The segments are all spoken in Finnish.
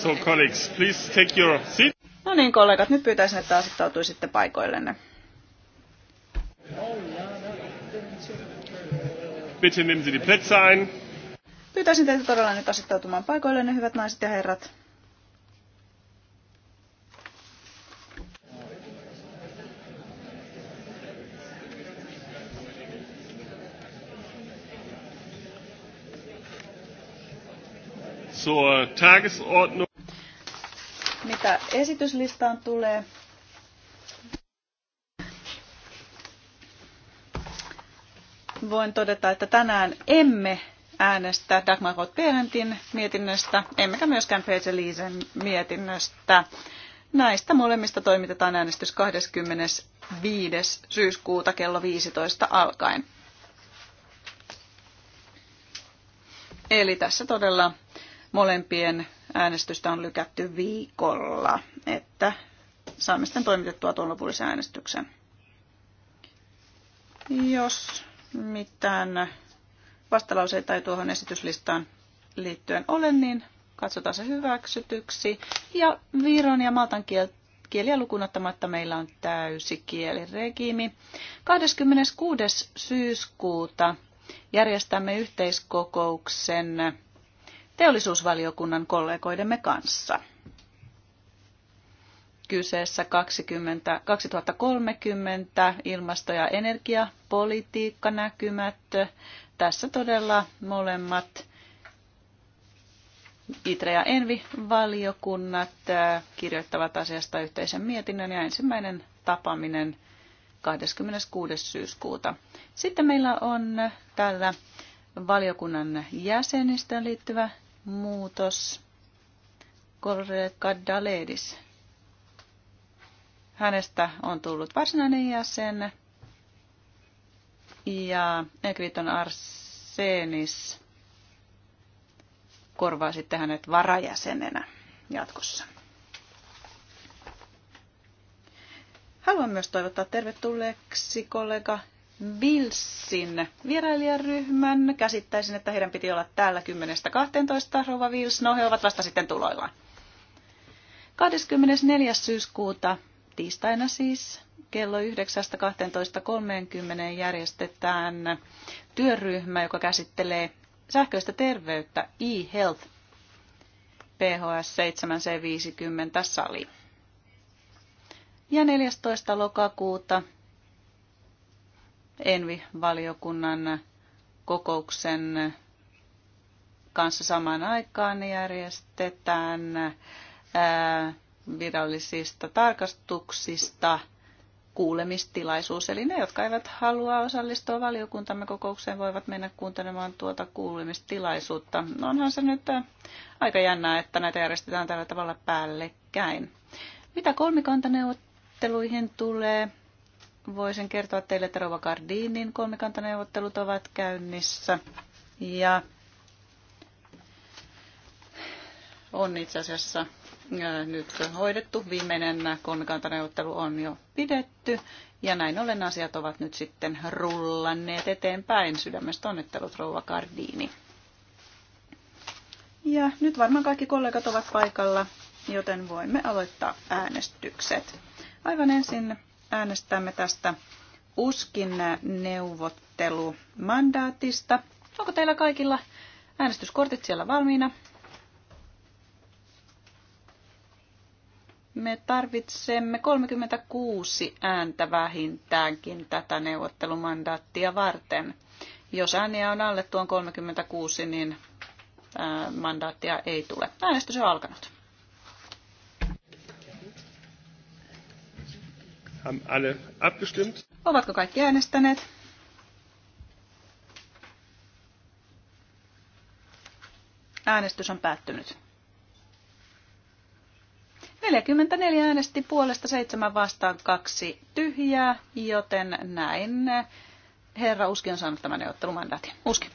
So colleagues, please take your seat. No niin, kollegat, nyt pyytäisin, että asettautuisitte paikoillenne. Bitte nehmen Sie die Plätze ein. Pyytäisin teitä todella nyt asettautumaan paikoillenne, hyvät naiset ja herrat. zur Tagesordnung mitä esityslistaan tulee, voin todeta, että tänään emme äänestä Dagmar Roth-Berentin mietinnöstä, emmekä myöskään Peter Liisen mietinnöstä. Näistä molemmista toimitetaan äänestys 25. syyskuuta kello 15 alkaen. Eli tässä todella molempien äänestystä on lykätty viikolla, että saamme sitten toimitettua tuon lopullisen äänestyksen. Jos mitään vastalauseita ei tuohon esityslistaan liittyen ole, niin katsotaan se hyväksytyksi. Ja viron ja maltan kieliä lukunottamatta meillä on täysi kieliregiimi. 26. syyskuuta järjestämme yhteiskokouksen teollisuusvaliokunnan kollegoidemme kanssa. Kyseessä 20, 2030 ilmasto- ja näkymät. Tässä todella molemmat ITRE- ja ENVI-valiokunnat äh, kirjoittavat asiasta yhteisen mietinnön ja ensimmäinen tapaaminen 26. syyskuuta. Sitten meillä on täällä valiokunnan jäsenistöön liittyvä muutos. Kolre Kadaledis. Hänestä on tullut varsinainen jäsen. Ja Ekriton Arsenis korvaa sitten hänet varajäsenenä jatkossa. Haluan myös toivottaa tervetulleeksi kollega Vilsin vierailijaryhmän. Käsittäisin, että heidän piti olla täällä 10.12. Rova Vils. No, he ovat vasta sitten tuloillaan. 24. syyskuuta tiistaina siis kello 9.12.30 järjestetään työryhmä, joka käsittelee sähköistä terveyttä e-health PHS 7C50 sali. Ja 14. lokakuuta Envi-valiokunnan kokouksen kanssa samaan aikaan järjestetään virallisista tarkastuksista kuulemistilaisuus. Eli ne, jotka eivät halua osallistua valiokuntamme kokoukseen, voivat mennä kuuntelemaan tuota kuulemistilaisuutta. Onhan se nyt aika jännää, että näitä järjestetään tällä tavalla päällekkäin. Mitä kolmikantaneuvotteluihin tulee, voisin kertoa teille, että Rova Gardinin kolmikantaneuvottelut ovat käynnissä. Ja on itse asiassa äh, nyt hoidettu. Viimeinen kolmikantaneuvottelu on jo pidetty ja näin ollen asiat ovat nyt sitten rullanneet eteenpäin. Sydämestä onnittelut Rova Gardini. Ja nyt varmaan kaikki kollegat ovat paikalla, joten voimme aloittaa äänestykset. Aivan ensin äänestämme tästä uskin neuvottelumandaatista. Onko teillä kaikilla äänestyskortit siellä valmiina? Me tarvitsemme 36 ääntä vähintäänkin tätä neuvottelumandaattia varten. Jos ääniä on alle tuon 36, niin mandaattia ei tule. Äänestys on alkanut. Haben alle abgestimmt? Ovatko kaikki äänestäneet? Äänestys on päättynyt. 44 äänesti puolesta, 7 vastaan, 2 tyhjää, joten näin herra Uski on saanut tämän neuvottelumandaatin. Uski.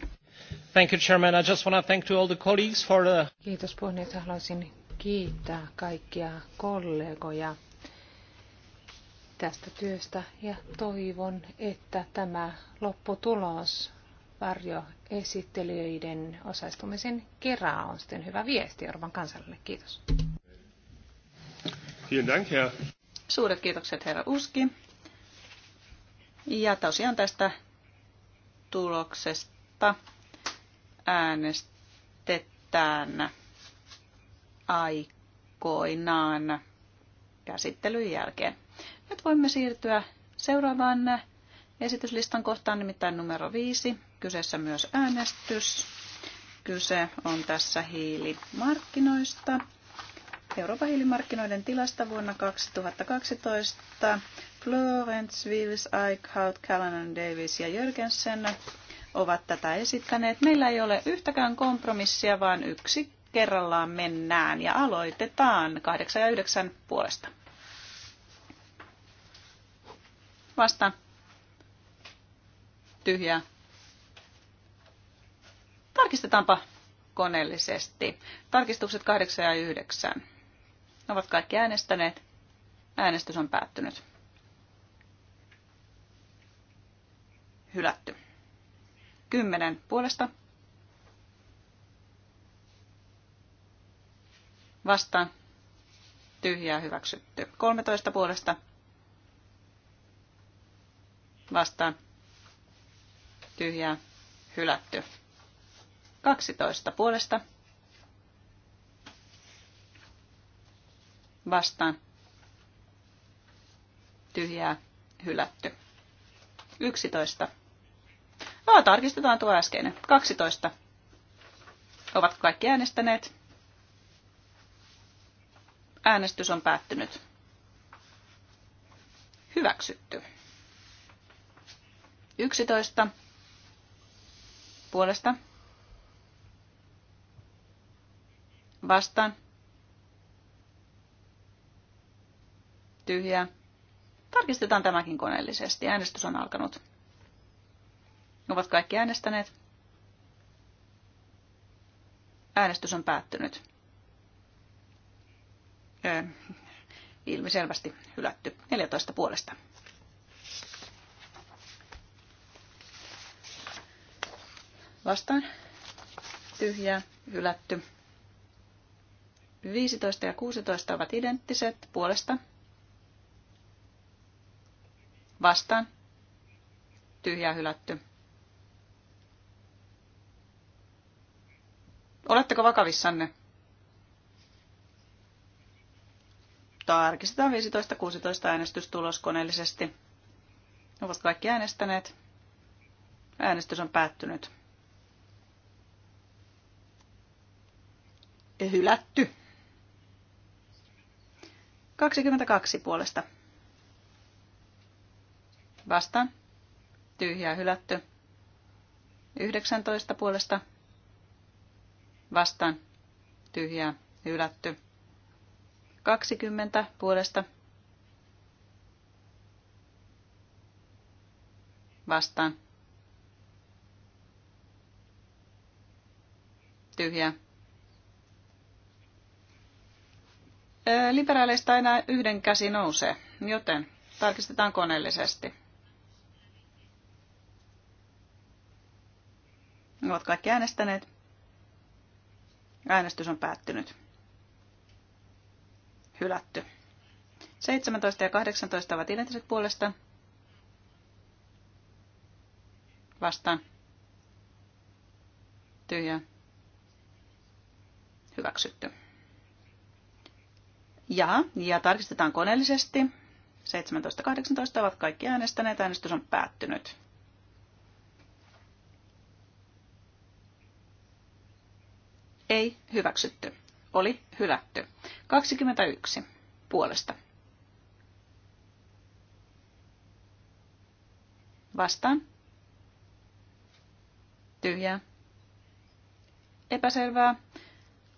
Thank you, Chairman. I just want to thank to all the colleagues for the... Kiitos puhemies. Haluaisin kiittää kaikkia kollegoja tästä työstä ja toivon, että tämä lopputulos varjoesittelijöiden osaistumisen kerää on sitten hyvä viesti Euroopan kansalle. Kiitos. Dank, herr. Suuret kiitokset, herra Uski. Ja tosiaan tästä tuloksesta äänestetään aikoinaan käsittelyn jälkeen. Nyt voimme siirtyä seuraavaan esityslistan kohtaan, nimittäin numero viisi. Kyseessä myös äänestys. Kyse on tässä hiilimarkkinoista. Euroopan hiilimarkkinoiden tilasta vuonna 2012. Florence, Wills, Eichhout, Callanan, Davis ja Jörgensen ovat tätä esittäneet. Meillä ei ole yhtäkään kompromissia, vaan yksi kerrallaan mennään ja aloitetaan 8 ja 9 puolesta. Vastaan. Tyhjää. Tarkistetaanpa koneellisesti. Tarkistukset 8 ja 9. Ne ovat kaikki äänestäneet. Äänestys on päättynyt. Hylätty. 10 puolesta. Vastaan. Tyhjää hyväksytty. 13 puolesta vastaan tyhjää hylätty. 12 puolesta vastaan tyhjää hylätty. 11. No, tarkistetaan tuo äskeinen. 12. Ovat kaikki äänestäneet. Äänestys on päättynyt. Hyväksytty. 11 puolesta vastaan tyhjää. Tarkistetaan tämäkin koneellisesti. Äänestys on alkanut. Ovat kaikki äänestäneet. Äänestys on päättynyt. ilmiselvästi hylätty. 14 puolesta. Vastaan. Tyhjää. Hylätty. 15 ja 16 ovat identtiset. Puolesta. Vastaan. Tyhjää. Hylätty. Oletteko vakavissanne? Tarkistetaan 15-16 äänestystulos koneellisesti. Ovat kaikki äänestäneet. Äänestys on päättynyt. ja hylätty. 22 puolesta. Vastaan. Tyhjää hylätty. 19 puolesta. Vastaan. Tyhjää hylätty. 20 puolesta. Vastaan. Tyhjää liberaaleista aina yhden käsi nousee, joten tarkistetaan koneellisesti. Ovat kaikki äänestäneet. Äänestys on päättynyt. Hylätty. 17 ja 18 ovat identtiset puolesta. Vastaan. Tyhjä. Hyväksytty. Ja, ja tarkistetaan koneellisesti. 17.18 ovat kaikki äänestäneet. Äänestys on päättynyt. Ei hyväksytty. Oli hylätty. 21 puolesta. Vastaan. Tyhjää. Epäselvää.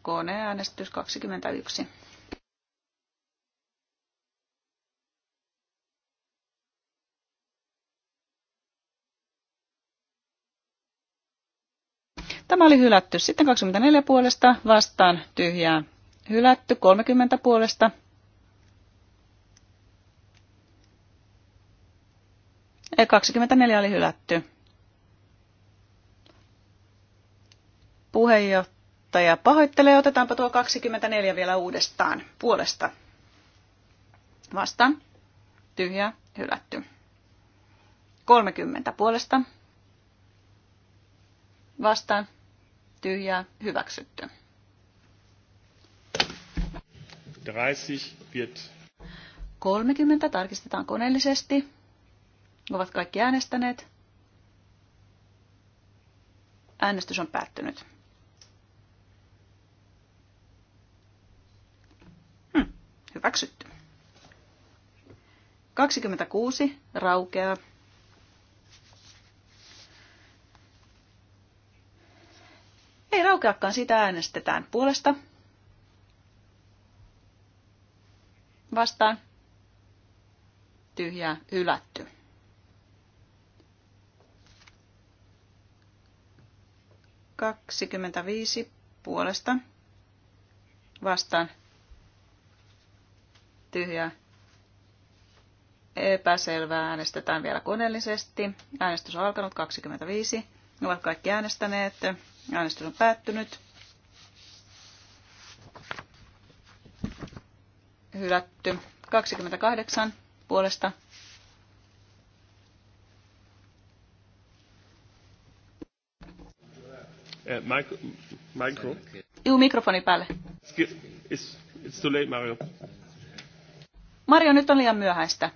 Koneäänestys 21. Tämä oli hylätty. Sitten 24 puolesta vastaan tyhjää hylätty. 30 puolesta Ei, 24 oli hylätty. Puheenjohtaja pahoittelee. Otetaanpa tuo 24 vielä uudestaan puolesta. Vastaan. Tyhjä, hylätty. 30 puolesta. Vastaan tyhjää hyväksytty. 30 wird 30 tarkistetaan koneellisesti. Ovat kaikki äänestäneet. Äänestys on päättynyt. Hm, hyväksytty. 26 raukeaa. Ei raukeakaan, sitä äänestetään puolesta. Vastaan. Tyhjää, hylätty. Kaksikymmentäviisi puolesta. Vastaan. Tyhjää. Epäselvää äänestetään vielä koneellisesti. Äänestys on alkanut 25. Ne ovat kaikki äänestäneet. Äänestys on päättynyt. Hylätty. 28 puolesta. Äh, Mikro. Juu, mikrofoni päälle. It's, it's too late, Mario. Mario, nyt on liian myöhäistä.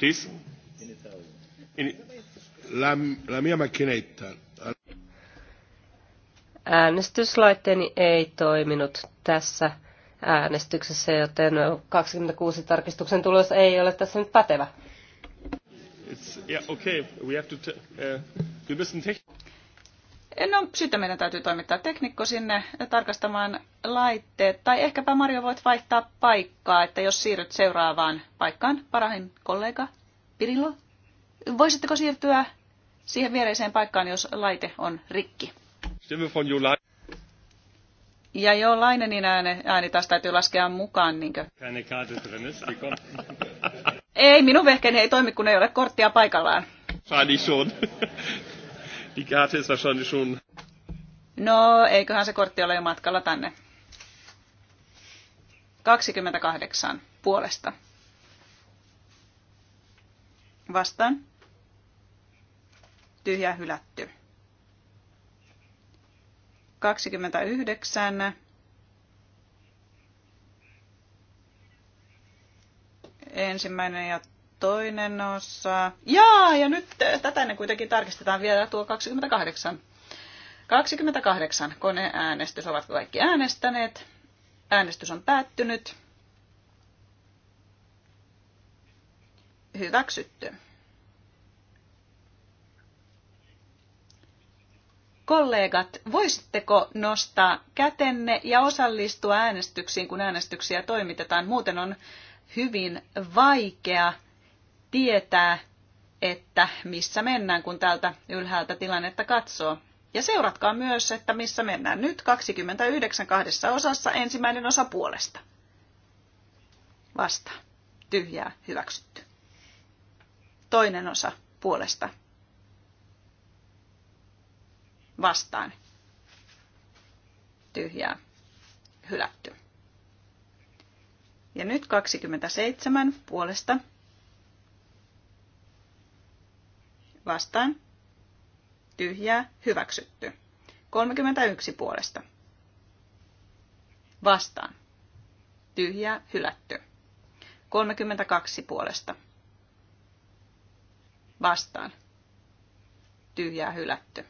Please. In La, la mia macchinetta. Äänestyslaitteeni ei toiminut tässä äänestyksessä, joten 26 tarkistuksen tulos ei ole tässä nyt pätevä. It's, yeah, okay. We have to uh, wir müssen No, sitten meidän täytyy toimittaa teknikko sinne tarkastamaan laitteet. Tai ehkäpä Mario voit vaihtaa paikkaa, että jos siirryt seuraavaan paikkaan, parahin kollega pirilo, Voisitteko siirtyä siihen viereiseen paikkaan, jos laite on rikki? Ja joo, Lainenin ääni, ääni taas täytyy laskea mukaan. Niinkö? ei, minun vehkeni ei toimi, kun ei ole korttia paikallaan. Sai Die Karte ist wahrscheinlich schon... No, eiköhän se kortti ole jo matkalla tänne. 28 puolesta. Vastaan. Tyhjä hylätty. 29. Ensimmäinen ja toinen osa. Jaa, ja nyt äh, tätä ne kuitenkin tarkistetaan vielä tuo 28. 28 koneäänestys ovat kaikki äänestäneet. Äänestys on päättynyt. Hyväksytty. kollegat, voisitteko nostaa kätenne ja osallistua äänestyksiin, kun äänestyksiä toimitetaan? Muuten on hyvin vaikea tietää, että missä mennään, kun täältä ylhäältä tilannetta katsoo. Ja seuratkaa myös, että missä mennään nyt 29 kahdessa osassa ensimmäinen osa puolesta. Vasta. Tyhjää. Hyväksytty. Toinen osa puolesta. Vastaan. Tyhjää. Hylätty. Ja nyt 27 puolesta Vastaan. Tyhjää. Hyväksytty. 31 puolesta. Vastaan. Tyhjää. Hylätty. 32 puolesta. Vastaan. Tyhjää. Hylätty.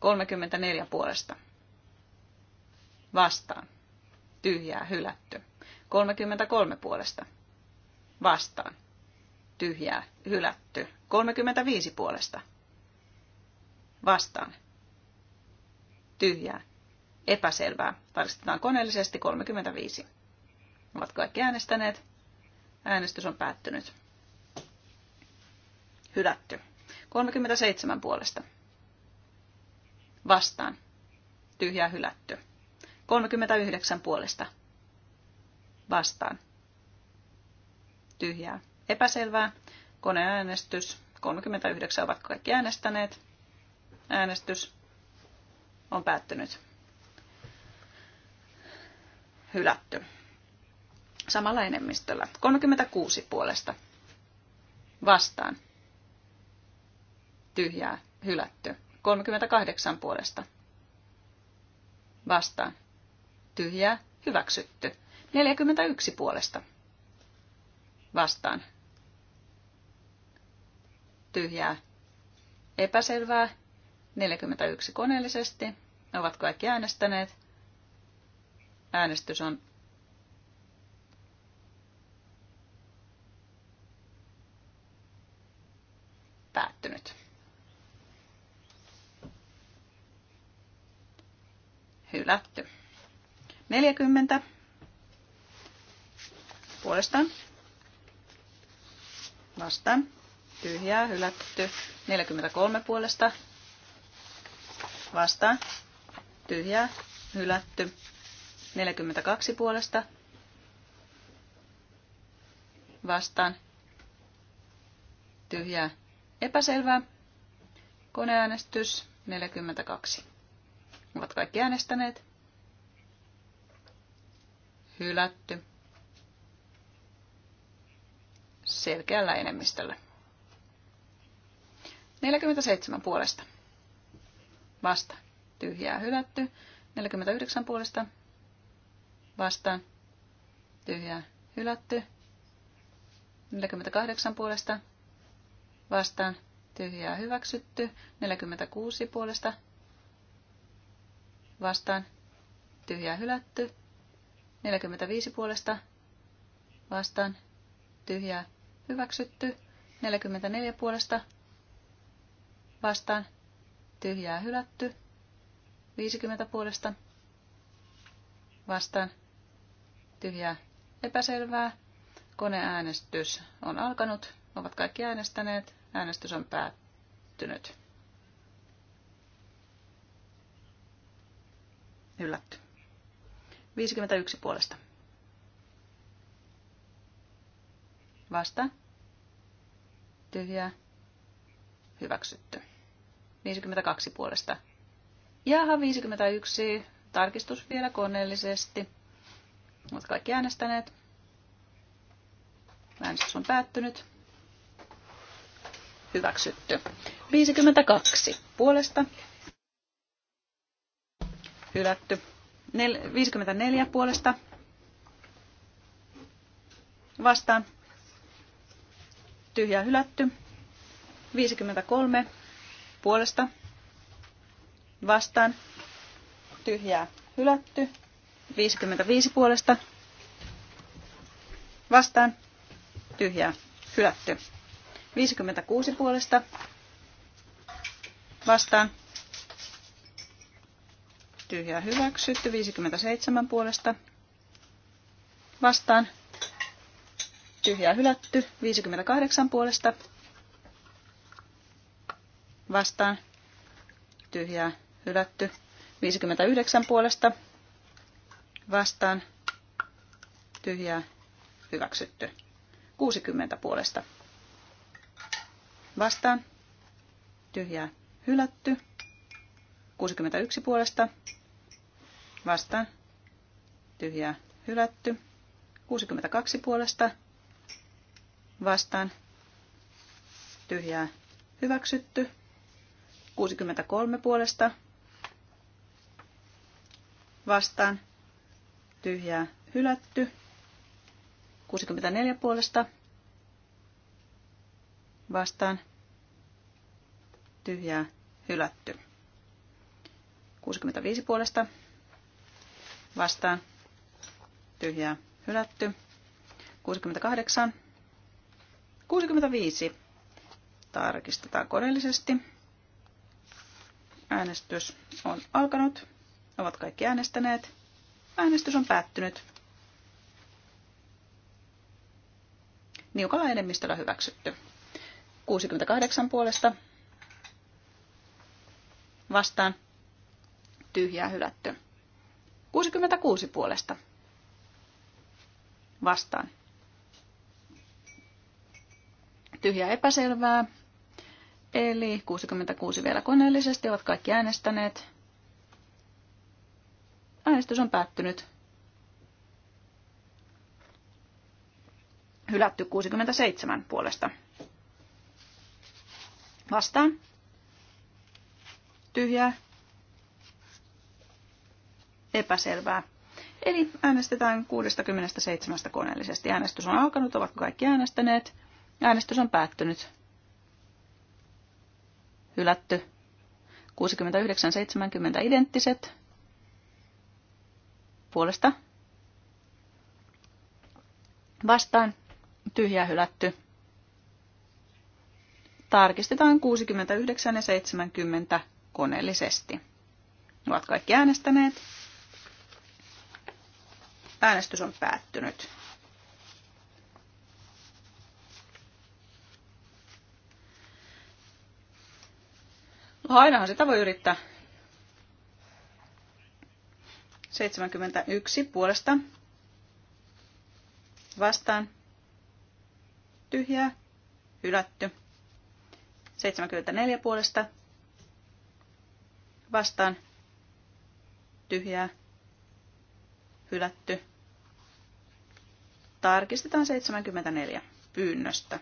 34 puolesta. Vastaan. Tyhjää. Hylätty. 33 puolesta. Vastaan tyhjää, hylätty. 35 puolesta. Vastaan. Tyhjää. Epäselvää. Tarkistetaan koneellisesti 35. Ovat kaikki äänestäneet. Äänestys on päättynyt. Hylätty. 37 puolesta. Vastaan. Tyhjää hylätty. 39 puolesta. Vastaan. Tyhjää epäselvää. Koneäänestys. 39 ovat kaikki äänestäneet. Äänestys on päättynyt. Hylätty. Samalla enemmistöllä. 36 puolesta. Vastaan. Tyhjää. Hylätty. 38 puolesta. Vastaan. Tyhjää. Hyväksytty. 41 puolesta vastaan. Tyhjää. Epäselvää. 41 koneellisesti. Ovat kaikki äänestäneet. Äänestys on päättynyt. Hylätty. 40 puolestaan vastaan. Tyhjää, hylätty. 43 puolesta vastaan. Tyhjää, hylätty. 42 puolesta vastaan. Tyhjää, epäselvää. Koneäänestys 42. Ovat kaikki äänestäneet. Hylätty. selkeällä enemmistöllä. 47 puolesta. Vasta. Tyhjää hylätty. 49 puolesta. vasta Tyhjää hylätty. 48 puolesta. Vastaan. Tyhjää hyväksytty. 46 puolesta. Vastaan. Tyhjää hylätty. 45 puolesta. Vastaan. Tyhjää hyväksytty. 44 puolesta vastaan tyhjää hylätty. 50 puolesta vastaan tyhjää epäselvää. Koneäänestys on alkanut. Ovat kaikki äänestäneet. Äänestys on päättynyt. Yllätty. 51 puolesta. Vasta. Tyhjä. Hyväksytty. 52 puolesta. Jaha, 51. Tarkistus vielä koneellisesti. Olet kaikki äänestäneet. Äänestys on päättynyt. Hyväksytty. 52 puolesta. Hylätty. Nel- 54 puolesta. Vastaan tyhjä hylätty. 53 puolesta vastaan tyhjää hylätty. 55 puolesta vastaan tyhjää hylätty. 56 puolesta vastaan tyhjää hyväksytty. 57 puolesta vastaan tyhjää hylätty. 58 puolesta vastaan tyhjää hylätty. 59 puolesta vastaan tyhjää hyväksytty. 60 puolesta vastaan tyhjää hylätty. 61 puolesta vastaan tyhjää hylätty. 62 puolesta vastaan tyhjää hyväksytty. 63 puolesta vastaan tyhjää hylätty. 64 puolesta vastaan tyhjää hylätty. 65 puolesta vastaan tyhjää hylätty. 68 65. Tarkistetaan koneellisesti. Äänestys on alkanut. Ovat kaikki äänestäneet. Äänestys on päättynyt. Niukalla enemmistöllä hyväksytty. 68 puolesta vastaan tyhjää hylätty. 66 puolesta vastaan tyhjää epäselvää. Eli 66 vielä koneellisesti ovat kaikki äänestäneet. Äänestys on päättynyt. Hylätty 67 puolesta. Vastaan. Tyhjää. Epäselvää. Eli äänestetään 67 koneellisesti. Äänestys on alkanut, ovatko kaikki äänestäneet? Äänestys on päättynyt. Hylätty. 69-70 identtiset. Puolesta. Vastaan. Tyhjä hylätty. Tarkistetaan 69 ja 70 koneellisesti. Ovat kaikki äänestäneet. Äänestys on päättynyt. Ainahan sitä voi yrittää. 71 puolesta. Vastaan. Tyhjää. Hylätty. 74 puolesta. Vastaan. Tyhjää. Hylätty. Tarkistetaan 74 pyynnöstä.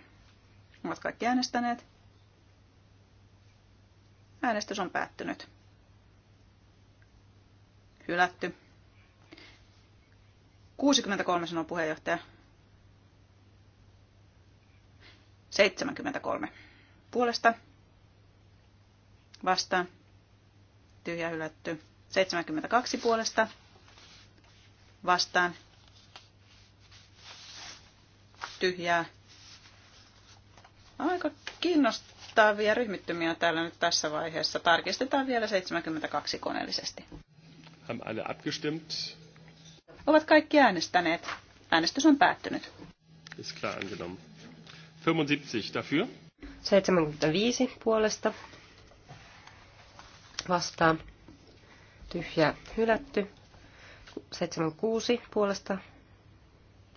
Ovat kaikki äänestäneet. Äänestys on päättynyt. Hylätty. 63 sanoo puheenjohtaja. 73. Puolesta. Vastaan. Tyhjä hylätty. 72 puolesta. Vastaan. Tyhjää. Aika kiinnostavaa vastaavia ryhmittymiä täällä nyt tässä vaiheessa. Tarkistetaan vielä 72 koneellisesti. Haben alle abgestimmt? Ovat kaikki äänestäneet. Äänestys on päättynyt. Ist klar angenommen. 75 dafür. 75 puolesta. Vastaan. Tyhjä hylätty. 76 puolesta.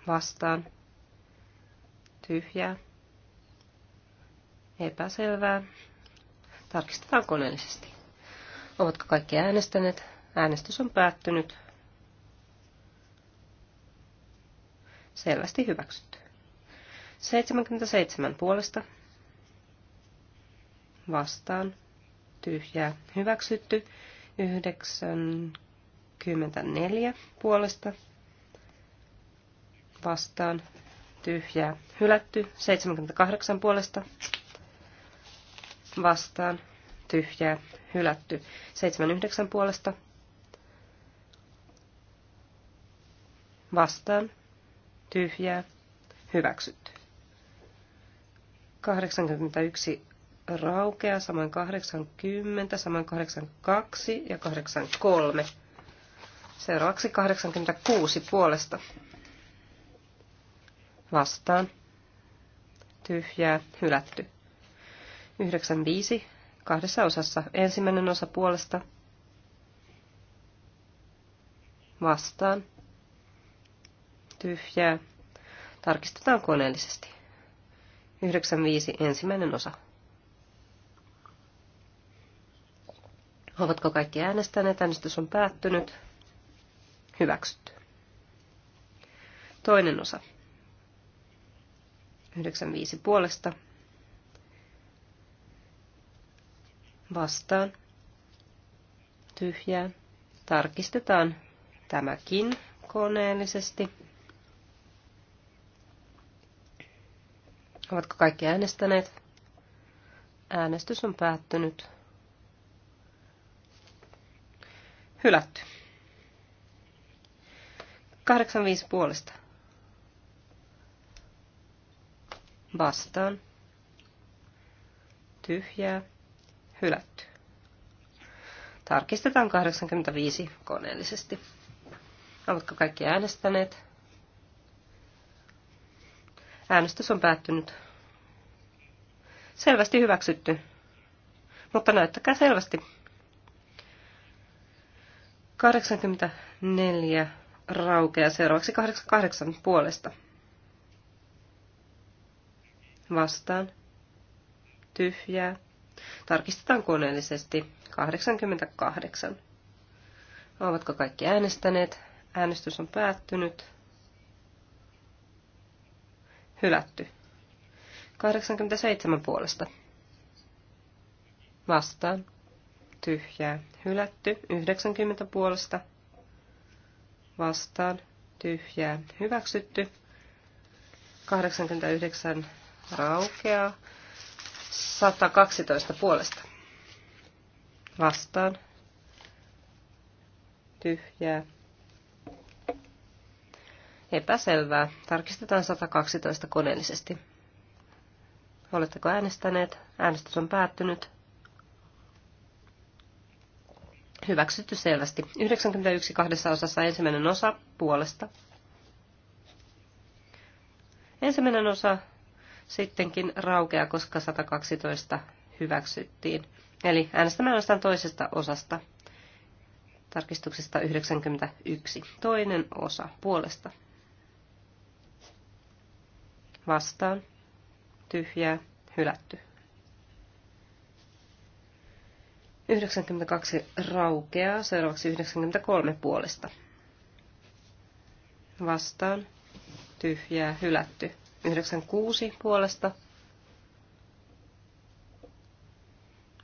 Vastaan. Tyhjää Epäselvää. Tarkistetaan koneellisesti. Ovatko kaikki äänestäneet? Äänestys on päättynyt. Selvästi hyväksytty. 77 puolesta. Vastaan. Tyhjää. Hyväksytty. 94 puolesta. Vastaan. Tyhjää. Hylätty. 78 puolesta vastaan tyhjää hylätty. 79 puolesta vastaan tyhjää hyväksytty. 81 raukea, samoin 80, samoin 82 ja 83. Seuraavaksi 86 puolesta. Vastaan. Tyhjää, hylätty. 95 kahdessa osassa. Ensimmäinen osa puolesta vastaan. Tyhjää. Tarkistetaan koneellisesti. 95 ensimmäinen osa. Ovatko kaikki äänestäneet? Äänestys on päättynyt. Hyväksytty. Toinen osa. 95 puolesta vastaan, tyhjää. Tarkistetaan tämäkin koneellisesti. Ovatko kaikki äänestäneet? Äänestys on päättynyt. Hylätty. 85 puolesta. Vastaan. Tyhjää hylätty. Tarkistetaan 85 koneellisesti. Oletko kaikki äänestäneet? Äänestys on päättynyt. Selvästi hyväksytty. Mutta näyttäkää selvästi. 84 raukeaa seuraavaksi 88 puolesta. Vastaan. Tyhjää. Tarkistetaan koneellisesti. 88. Ovatko kaikki äänestäneet? Äänestys on päättynyt. Hylätty. 87 puolesta. Vastaan. Tyhjää. Hylätty. 90 puolesta. Vastaan. Tyhjää. Hyväksytty. 89 raukeaa. 112 puolesta. Vastaan. Tyhjää. Epäselvää. Tarkistetaan 112 koneellisesti. Oletteko äänestäneet? Äänestys on päättynyt. Hyväksytty selvästi. 91 kahdessa osassa ensimmäinen osa puolesta. Ensimmäinen osa sittenkin raukea, koska 112 hyväksyttiin. Eli äänestämme ainoastaan toisesta osasta, tarkistuksesta 91. Toinen osa puolesta. Vastaan. Tyhjää. Hylätty. 92 raukeaa, seuraavaksi 93 puolesta. Vastaan. Tyhjää. Hylätty. 96 puolesta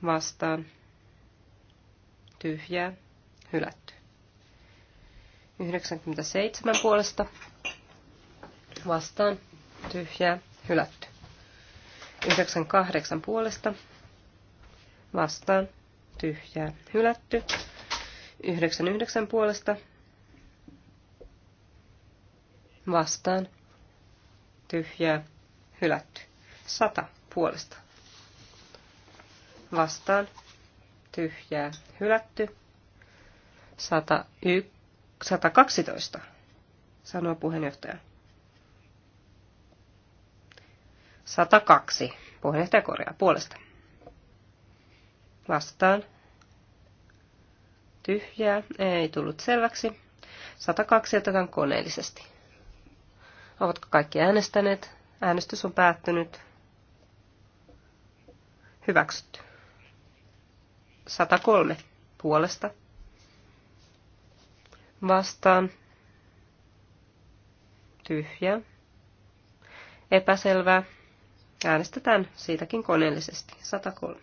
vastaan tyhjää hylätty. 97 puolesta vastaan tyhjää hylätty. 98 puolesta vastaan tyhjää hylätty. 99 puolesta vastaan tyhjää, hylätty. Sata puolesta. Vastaan, tyhjää, hylätty. 101, 112, sanoo puheenjohtaja. 102, puheenjohtaja korjaa puolesta. Vastaan, tyhjää, ei tullut selväksi. 102 otetaan koneellisesti. Ovatko kaikki äänestäneet? Äänestys on päättynyt. Hyväksytty. 103 puolesta. Vastaan. Tyhjä. Epäselvää. Äänestetään siitäkin koneellisesti. 103.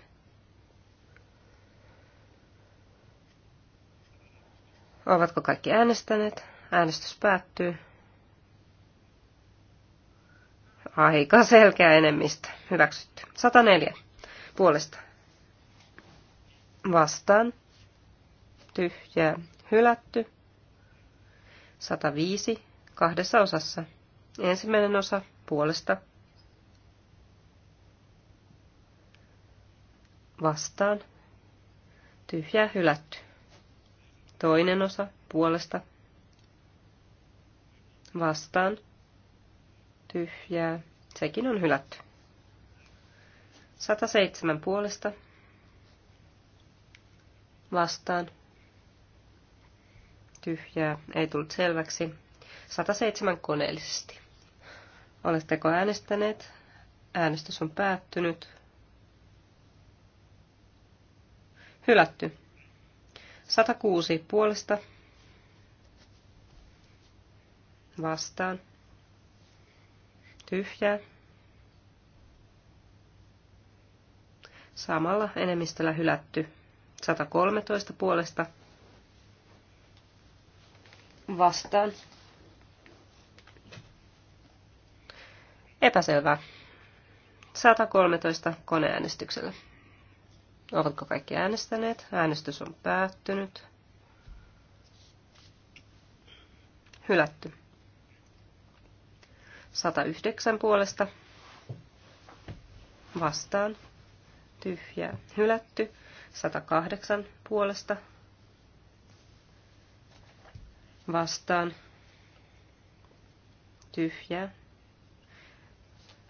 Ovatko kaikki äänestäneet? Äänestys päättyy. Aika selkeä enemmistö. Hyväksytty. 104. Puolesta. Vastaan. Tyhjää. Hylätty. 105. Kahdessa osassa. Ensimmäinen osa. Puolesta. Vastaan. Tyhjää. Hylätty. Toinen osa. Puolesta. Vastaan tyhjää, sekin on hylätty. 107 puolesta vastaan tyhjää, ei tullut selväksi. 107 koneellisesti. Oletteko äänestäneet? Äänestys on päättynyt. Hylätty. 106 puolesta vastaan Tyhjää. Samalla enemmistöllä hylätty. 113 puolesta vastaan. Epäselvää. 113 koneäänestyksellä. Ovatko kaikki äänestäneet? Äänestys on päättynyt. Hylätty. 109 puolesta vastaan tyhjää hylätty. 108 puolesta vastaan tyhjää.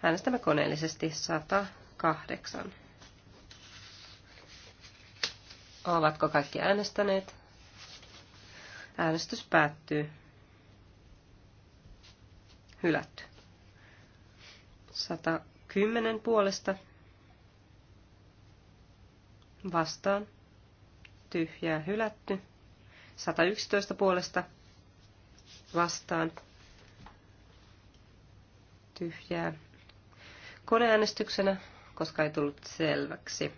Äänestämme koneellisesti 108. Ovatko kaikki äänestäneet? Äänestys päättyy. Hylätty. 110 puolesta vastaan tyhjää hylätty. 111 puolesta vastaan tyhjää koneäänestyksenä, koska ei tullut selväksi.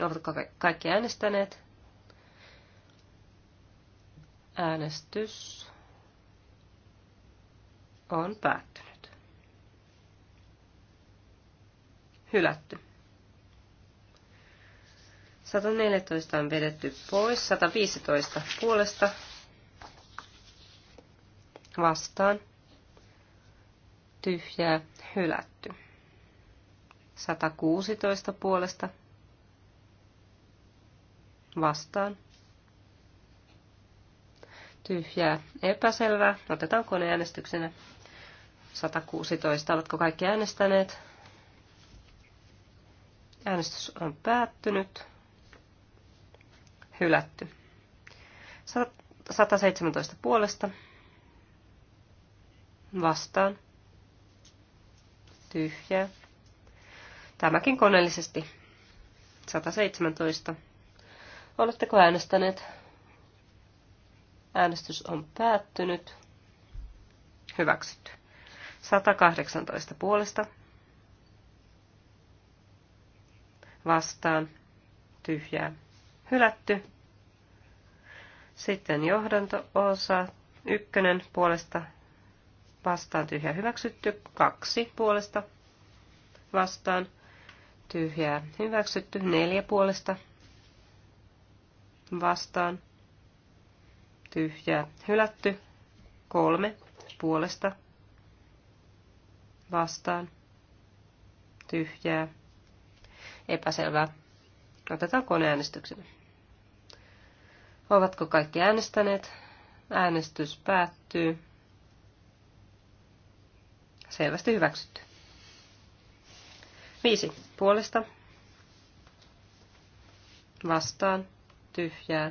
Ovatko kaikki äänestäneet? Äänestys on päättynyt. hylätty. 114 on vedetty pois, 115 puolesta vastaan, tyhjää, hylätty. 116 puolesta vastaan, tyhjää, epäselvää, otetaan koneäänestyksenä. 116, oletko kaikki äänestäneet? Äänestys on päättynyt. Hylätty. 117 puolesta. Vastaan. Tyhjää. Tämäkin koneellisesti. 117. Oletteko äänestäneet? Äänestys on päättynyt. Hyväksytty. 118 puolesta vastaan tyhjää hylätty. Sitten johdanto-osa ykkönen puolesta vastaan tyhjää hyväksytty, kaksi puolesta vastaan tyhjää hyväksytty, neljä puolesta vastaan tyhjää hylätty, kolme puolesta vastaan tyhjää epäselvää. Otetaan koneäänestyksenä. Ovatko kaikki äänestäneet? Äänestys päättyy. Selvästi hyväksytty. Viisi puolesta. Vastaan. Tyhjää.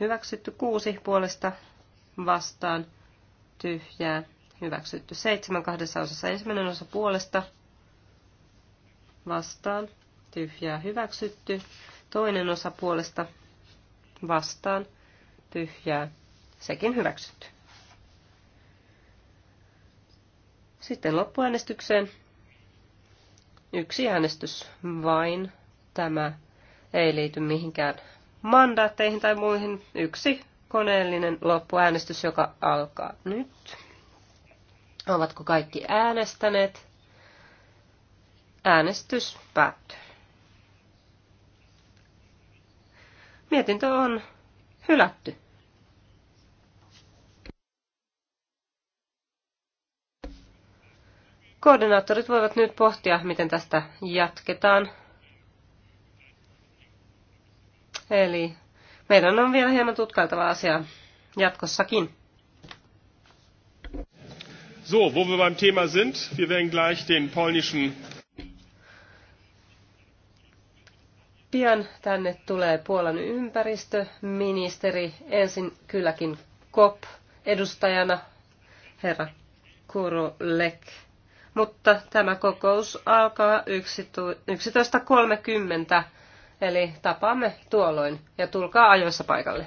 Hyväksytty kuusi puolesta. Vastaan. Tyhjää. Hyväksytty seitsemän kahdessa osassa ensimmäinen osa puolesta. Vastaan tyhjää hyväksytty. Toinen osa puolesta vastaan tyhjää sekin hyväksytty. Sitten loppuäänestykseen. Yksi äänestys vain. Tämä ei liity mihinkään mandaatteihin tai muihin. Yksi koneellinen loppuäänestys, joka alkaa nyt. Ovatko kaikki äänestäneet? Äänestys päättyy. Mietintö on hylätty. Koordinaattorit voivat nyt pohtia, miten tästä jatketaan. Eli meidän on vielä hieman tutkailtava asia jatkossakin. So, wo wir beim Thema sind, wir werden gleich den polnischen pian tänne tulee Puolan ympäristöministeri, ensin kylläkin COP edustajana, herra Kurulek. Mutta tämä kokous alkaa 11.30, eli tapaamme tuolloin ja tulkaa ajoissa paikalle.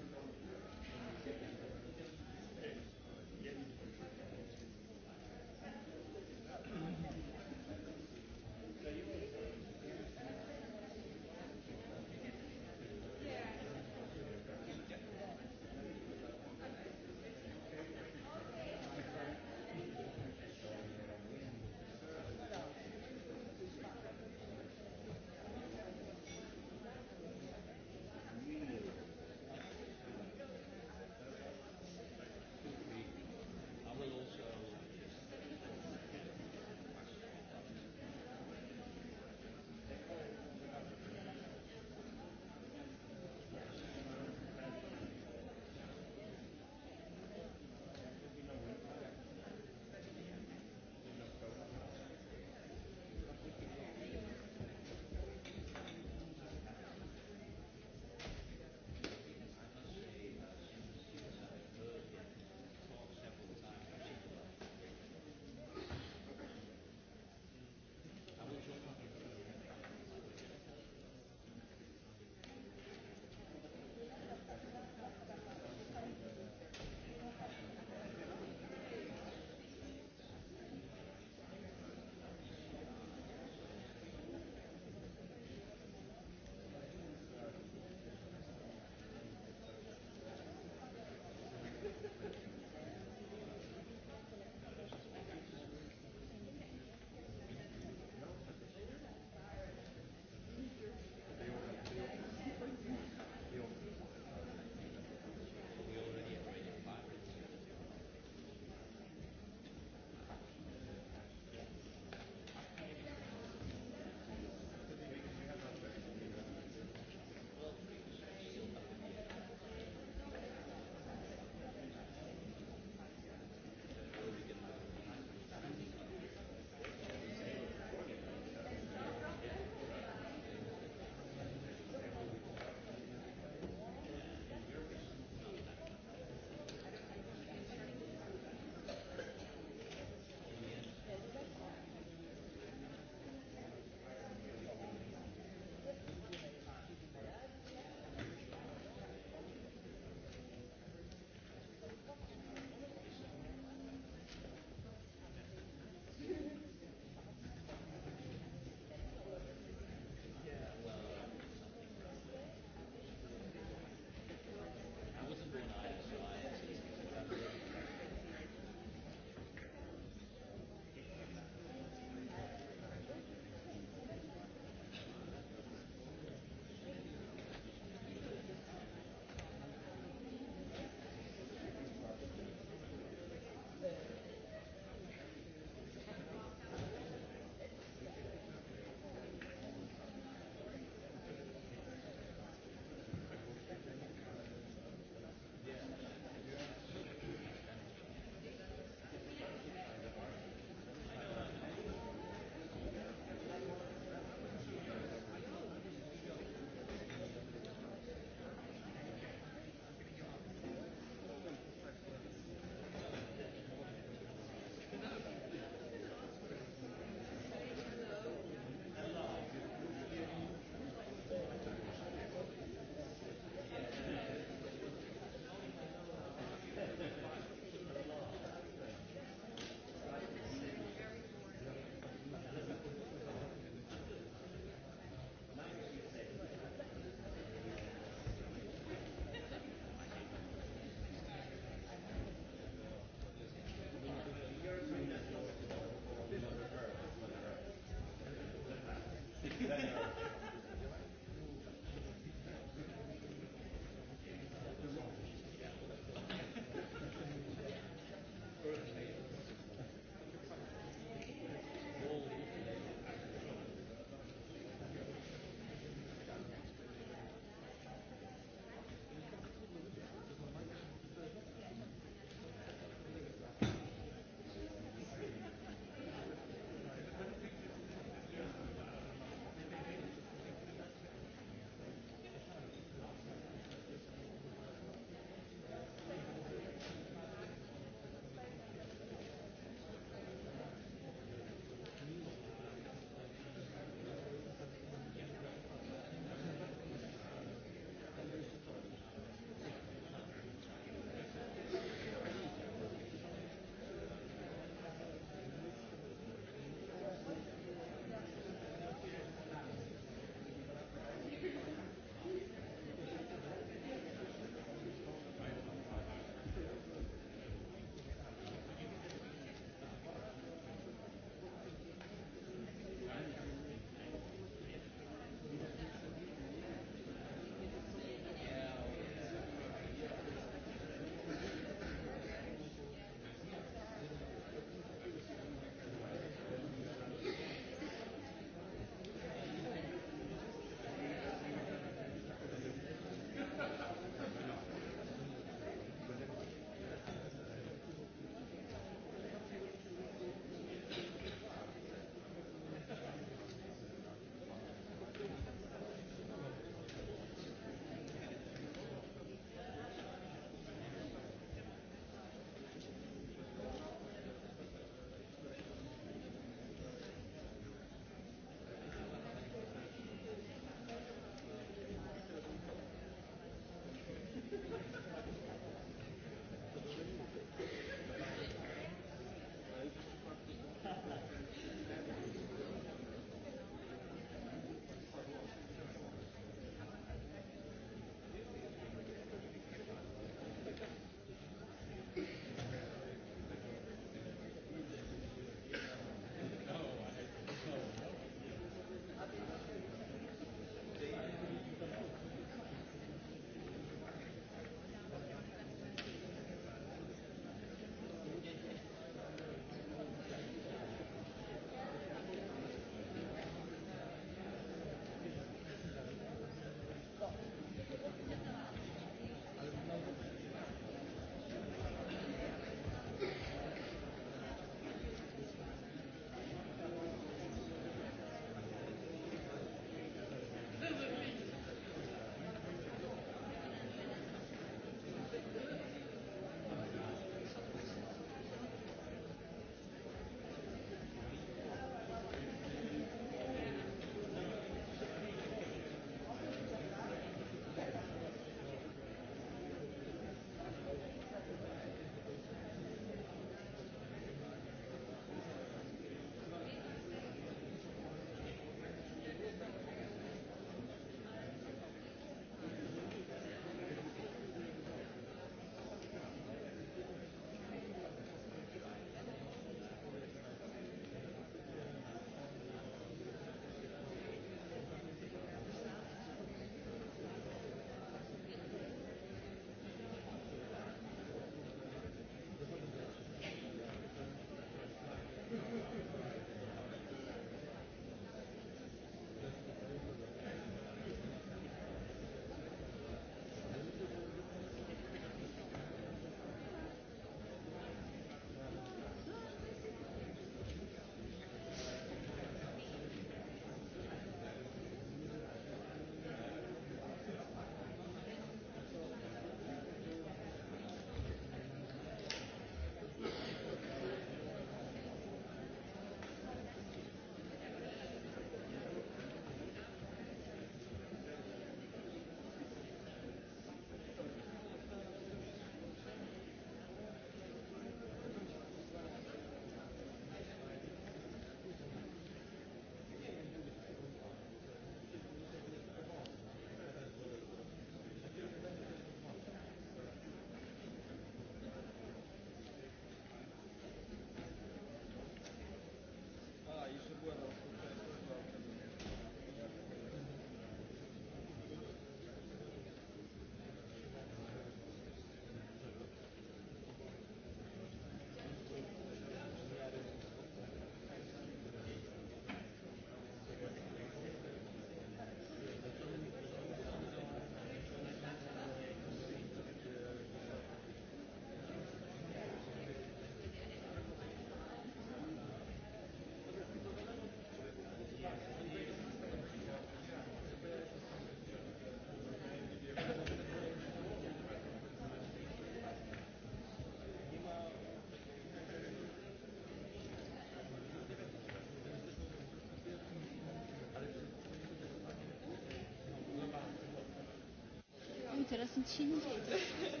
Interessenchienen geht.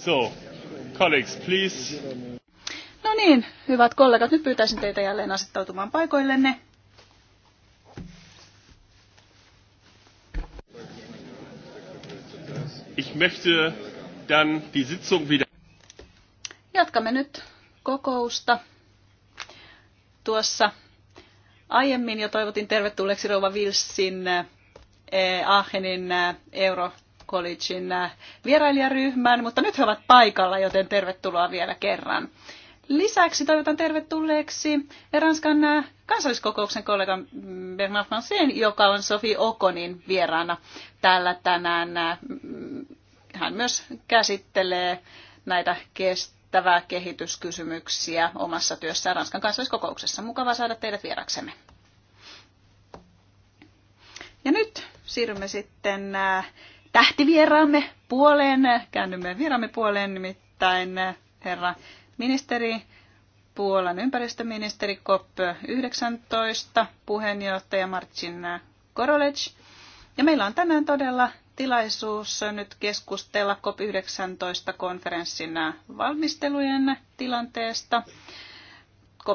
So, colleagues, please. No niin, hyvät kollegat, nyt pyytäisin teitä jälleen asettautumaan paikoillenne. Ich möchte dann die Sitzung wieder. Jatkamme nyt kokousta. Tuossa aiemmin jo toivotin tervetulleeksi Rouva Vilsin Aachenin eh, eh, euro Collegein äh, vierailijaryhmän, mutta nyt he ovat paikalla, joten tervetuloa vielä kerran. Lisäksi toivotan tervetulleeksi Ranskan äh, kansalliskokouksen kollegan Bernard Francien, joka on Sofi Okonin vieraana täällä tänään. Äh, mm, hän myös käsittelee näitä kestävää kehityskysymyksiä omassa työssään Ranskan kansalliskokouksessa. Mukava saada teidät vieraksemme. Ja nyt siirrymme sitten tähtivieraamme puoleen, käännymme vieraamme puoleen, nimittäin herra ministeri, Puolan ympäristöministeri COP19, puheenjohtaja Marcin Korolec. Ja meillä on tänään todella tilaisuus nyt keskustella COP19-konferenssin valmistelujen tilanteesta. COP19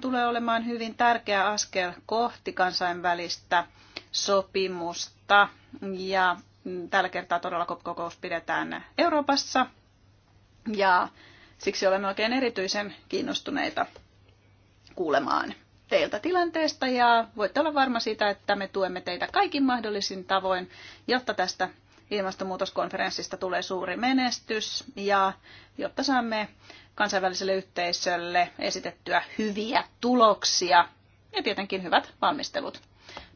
tulee olemaan hyvin tärkeä askel kohti kansainvälistä sopimusta ja Tällä kertaa todella kokous pidetään Euroopassa ja siksi olemme oikein erityisen kiinnostuneita kuulemaan teiltä tilanteesta ja voitte olla varma siitä, että me tuemme teitä kaikin mahdollisin tavoin, jotta tästä ilmastonmuutoskonferenssista tulee suuri menestys ja jotta saamme kansainväliselle yhteisölle esitettyä hyviä tuloksia ja tietenkin hyvät valmistelut.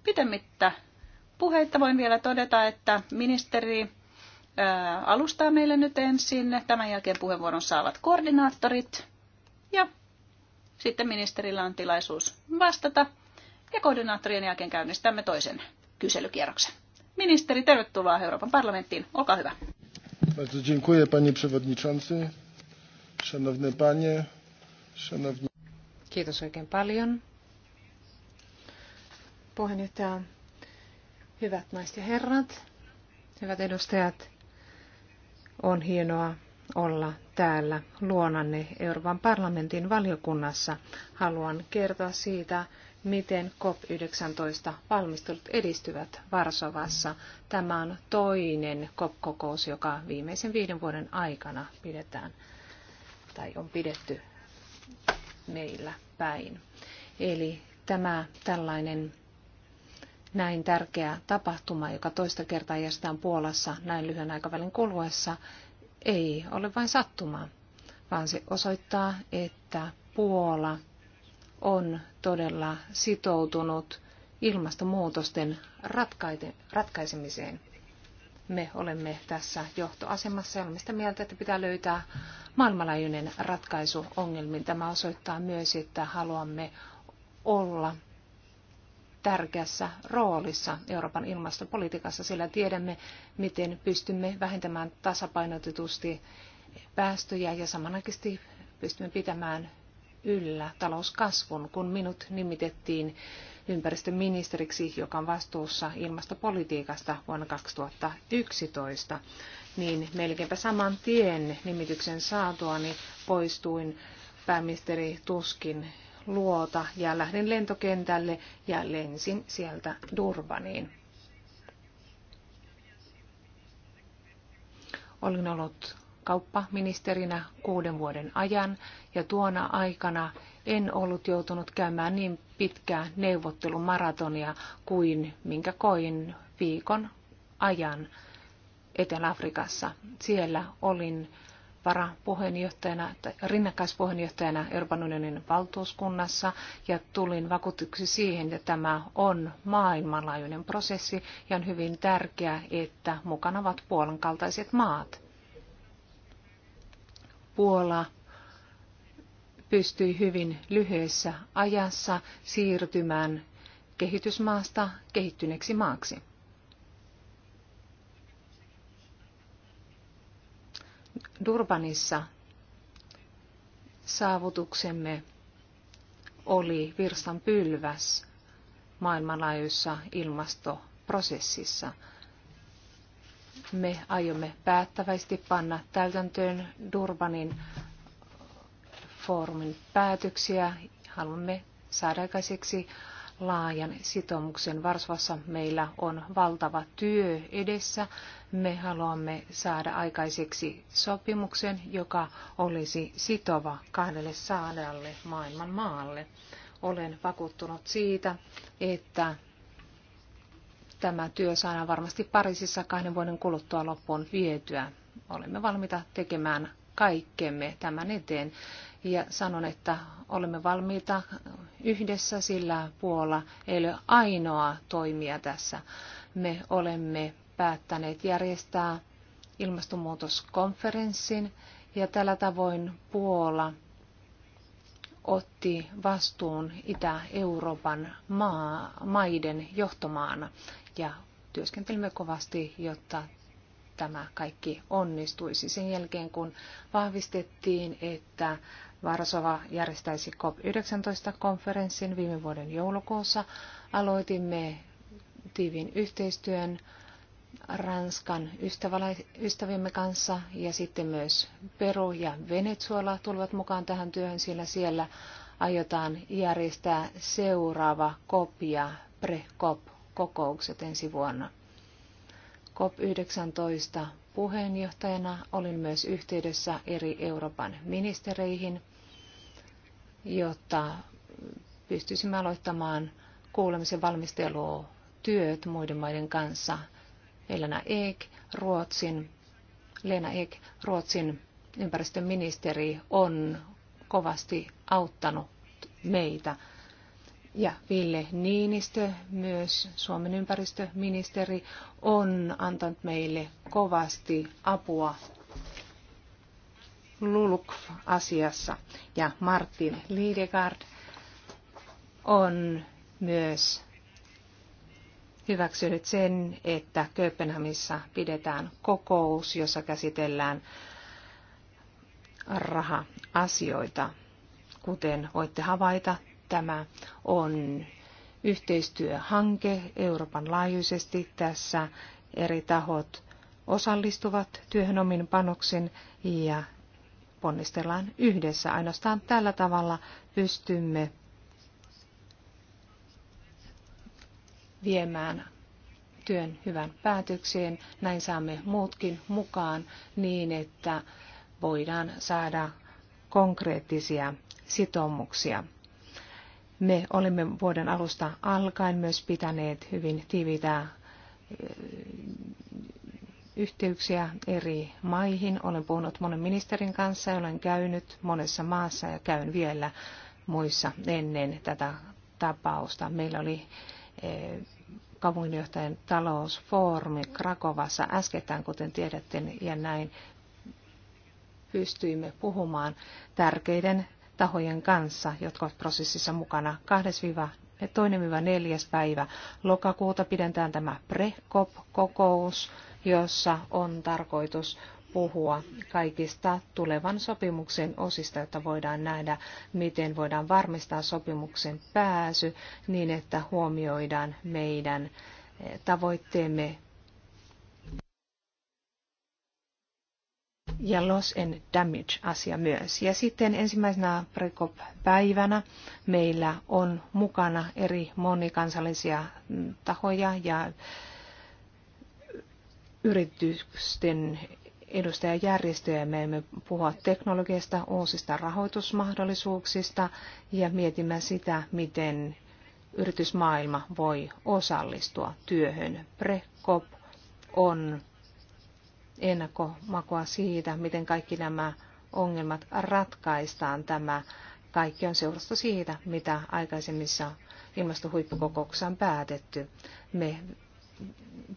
Pitemmittä puheitta voin vielä todeta, että ministeri alustaa meille nyt ensin. Tämän jälkeen puheenvuoron saavat koordinaattorit ja sitten ministerillä on tilaisuus vastata. Ja koordinaattorien jälkeen käynnistämme toisen kyselykierroksen. Ministeri, tervetuloa Euroopan parlamenttiin. Olkaa hyvä. Bardzo dziękuję, panie przewodniczący. Szanowne panie, szanowni... Kiitos oikein paljon. Puheenjohtaja, Hyvät naiset ja herrat, hyvät edustajat, on hienoa olla täällä luonanne Euroopan parlamentin valiokunnassa. Haluan kertoa siitä, miten COP19 valmistelut edistyvät Varsovassa. Tämä on toinen COP-kokous, joka viimeisen viiden vuoden aikana pidetään tai on pidetty meillä päin. Eli tämä tällainen näin tärkeä tapahtuma, joka toista kertaa järjestetään Puolassa näin lyhyen aikavälin kuluessa, ei ole vain sattumaa, vaan se osoittaa, että Puola on todella sitoutunut ilmastonmuutosten ratkaisemiseen. Me olemme tässä johtoasemassa ja olemme sitä mieltä, että pitää löytää maailmanlaajuinen ratkaisu ongelmiin. Tämä osoittaa myös, että haluamme olla tärkeässä roolissa Euroopan ilmastopolitiikassa, sillä tiedämme, miten pystymme vähentämään tasapainotetusti päästöjä ja samanaikaisesti pystymme pitämään yllä talouskasvun, kun minut nimitettiin ympäristöministeriksi, joka on vastuussa ilmastopolitiikasta vuonna 2011, niin melkeinpä saman tien nimityksen saatuani poistuin pääministeri Tuskin luota ja lähdin lentokentälle ja lensin sieltä Durbaniin. Olin ollut kauppaministerinä kuuden vuoden ajan ja tuona aikana en ollut joutunut käymään niin pitkää neuvottelumaratonia kuin minkä koin viikon ajan Etelä-Afrikassa. Siellä olin varapuheenjohtajana rinnakkaispuheenjohtajana Euroopan unionin valtuuskunnassa ja tulin vakuutuksi siihen, että tämä on maailmanlaajuinen prosessi ja on hyvin tärkeää, että mukana ovat Puolan kaltaiset maat. Puola pystyi hyvin lyhyessä ajassa siirtymään kehitysmaasta kehittyneeksi maaksi. Durbanissa saavutuksemme oli virstan pylväs maailmanlaajuisessa ilmastoprosessissa. Me aiomme päättäväisesti panna täytäntöön Durbanin foorumin päätöksiä. Haluamme saada aikaiseksi laajan sitoumuksen. Varsovassa meillä on valtava työ edessä. Me haluamme saada aikaiseksi sopimuksen, joka olisi sitova kahdelle saadalle maailman maalle. Olen vakuuttunut siitä, että tämä työ saadaan varmasti Pariisissa kahden vuoden kuluttua loppuun vietyä. Olemme valmiita tekemään kaikkemme tämän eteen ja sanon, että olemme valmiita yhdessä, sillä Puola ei ole ainoa toimija tässä. Me olemme päättäneet järjestää ilmastonmuutoskonferenssin ja tällä tavoin Puola otti vastuun Itä-Euroopan maa, maiden johtomaana ja työskentelimme kovasti, jotta tämä kaikki onnistuisi sen jälkeen, kun vahvistettiin, että Varsova järjestäisi COP19-konferenssin viime vuoden joulukuussa. Aloitimme tiivin yhteistyön Ranskan ystävimme kanssa ja sitten myös Peru ja Venezuela tulevat mukaan tähän työhön, sillä siellä aiotaan järjestää seuraava COP ja pre-COP-kokoukset ensi vuonna. COP19 puheenjohtajana olin myös yhteydessä eri Euroopan ministereihin jotta pystyisimme aloittamaan kuulemisen valmistelutyöt muiden maiden kanssa. Elena Ek, Ruotsin, Lena Ek, Ruotsin ympäristöministeri on kovasti auttanut meitä. Ja Ville Niinistö, myös Suomen ympäristöministeri, on antanut meille kovasti apua LULUK-asiassa. Ja Martin Lidegaard on myös hyväksynyt sen, että Kööpenhamissa pidetään kokous, jossa käsitellään raha-asioita. Kuten voitte havaita, tämä on yhteistyöhanke Euroopan laajuisesti. Tässä eri tahot osallistuvat työhön omin panoksen ja ponnistellaan yhdessä. Ainoastaan tällä tavalla pystymme viemään työn hyvän päätökseen. Näin saamme muutkin mukaan niin, että voidaan saada konkreettisia sitoumuksia. Me olimme vuoden alusta alkaen myös pitäneet hyvin tiiviitä yhteyksiä eri maihin. Olen puhunut monen ministerin kanssa ja olen käynyt monessa maassa ja käyn vielä muissa ennen tätä tapausta. Meillä oli eh, kaupunginjohtajan talousfoorumi Krakovassa äskettäin, kuten tiedätte, ja näin pystyimme puhumaan tärkeiden tahojen kanssa, jotka ovat prosessissa mukana 2-4. päivä lokakuuta pidetään tämä PRECOP-kokous jossa on tarkoitus puhua kaikista tulevan sopimuksen osista, jotta voidaan nähdä, miten voidaan varmistaa sopimuksen pääsy niin, että huomioidaan meidän eh, tavoitteemme ja loss and damage-asia myös. Ja sitten ensimmäisenä Prekop-päivänä meillä on mukana eri monikansallisia mm, tahoja ja yritysten edustajajärjestöjä. Me emme puhua teknologiasta, uusista rahoitusmahdollisuuksista ja mietimme sitä, miten yritysmaailma voi osallistua työhön. Prekop on ennakkomakua siitä, miten kaikki nämä ongelmat ratkaistaan. Tämä kaikki on seurasta siitä, mitä aikaisemmissa ilmastohuippukokouksissa on päätetty. Me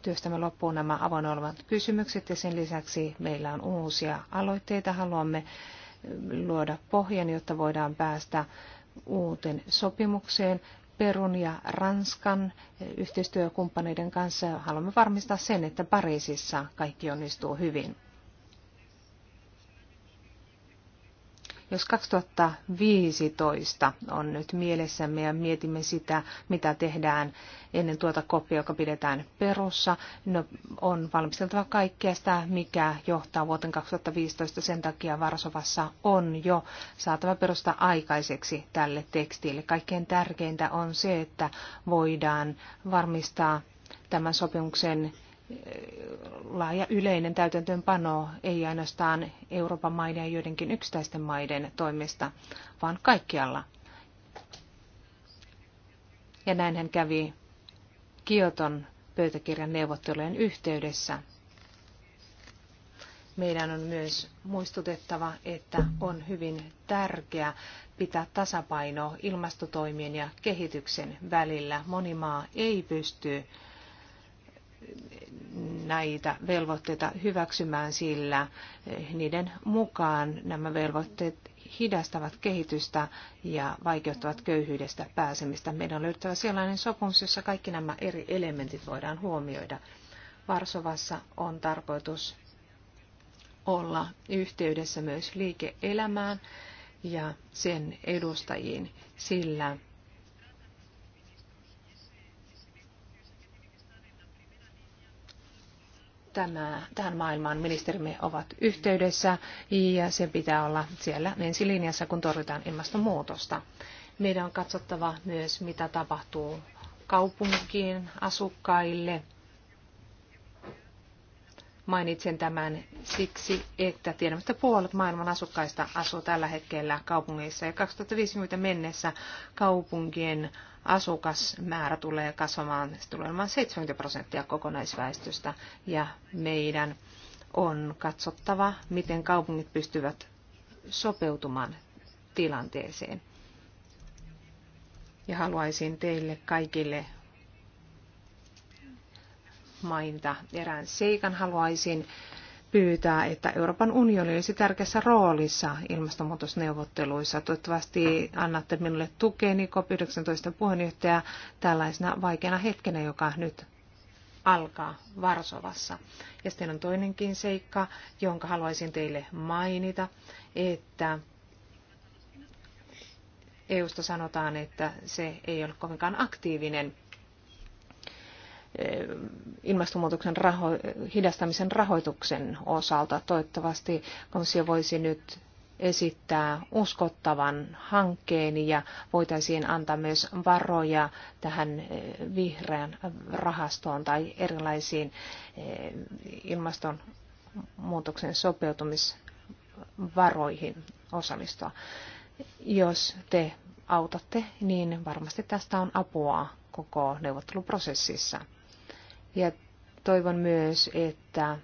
työstämme loppuun nämä avoin olevat kysymykset ja sen lisäksi meillä on uusia aloitteita. Haluamme luoda pohjan, jotta voidaan päästä uuteen sopimukseen Perun ja Ranskan yhteistyökumppaneiden kanssa. Haluamme varmistaa sen, että Pariisissa kaikki onnistuu hyvin. Jos 2015 on nyt mielessämme ja mietimme sitä, mitä tehdään ennen tuota koppia, joka pidetään perussa, no, on valmisteltava kaikkea sitä, mikä johtaa vuoteen 2015. Sen takia Varsovassa on jo saatava perusta aikaiseksi tälle tekstille. Kaikkein tärkeintä on se, että voidaan varmistaa tämän sopimuksen laaja yleinen täytäntöönpano ei ainoastaan Euroopan maiden ja joidenkin yksittäisten maiden toimesta, vaan kaikkialla. Ja näin hän kävi Kioton pöytäkirjan neuvottelujen yhteydessä. Meidän on myös muistutettava, että on hyvin tärkeää pitää tasapaino ilmastotoimien ja kehityksen välillä. Moni maa ei pysty näitä velvoitteita hyväksymään, sillä niiden mukaan nämä velvoitteet hidastavat kehitystä ja vaikeuttavat köyhyydestä pääsemistä. Meidän on löydettävä sellainen sopimus, jossa kaikki nämä eri elementit voidaan huomioida. Varsovassa on tarkoitus olla yhteydessä myös liike-elämään ja sen edustajiin, sillä tämä, tähän maailmaan ministerimme ovat yhteydessä ja sen pitää olla siellä ensilinjassa, kun torjutaan ilmastonmuutosta. Meidän on katsottava myös, mitä tapahtuu kaupunkien asukkaille. Mainitsen tämän siksi, että tiedämme, että puolet maailman asukkaista asuu tällä hetkellä kaupungeissa ja 2050 mennessä kaupunkien asukasmäärä tulee kasvamaan, se tulee olemaan 70 prosenttia kokonaisväestöstä ja meidän on katsottava, miten kaupungit pystyvät sopeutumaan tilanteeseen. Ja haluaisin teille kaikille mainita erään seikan. Haluaisin pyytää, että Euroopan unioni olisi tärkeässä roolissa ilmastonmuutosneuvotteluissa. Toivottavasti annatte minulle tukeni COP19 puheenjohtaja tällaisena vaikeana hetkenä, joka nyt alkaa Varsovassa. Ja sitten on toinenkin seikka, jonka haluaisin teille mainita, että EUsta sanotaan, että se ei ole kovinkaan aktiivinen Eh, ilmastonmuutoksen raho- hidastamisen rahoituksen osalta. Toivottavasti komissio voisi nyt esittää uskottavan hankkeen ja voitaisiin antaa myös varoja tähän eh, vihreän rahastoon tai erilaisiin eh, ilmastonmuutoksen sopeutumisvaroihin osallistua. Jos te autatte, niin varmasti tästä on apua koko neuvotteluprosessissa. Ja toivon myös, että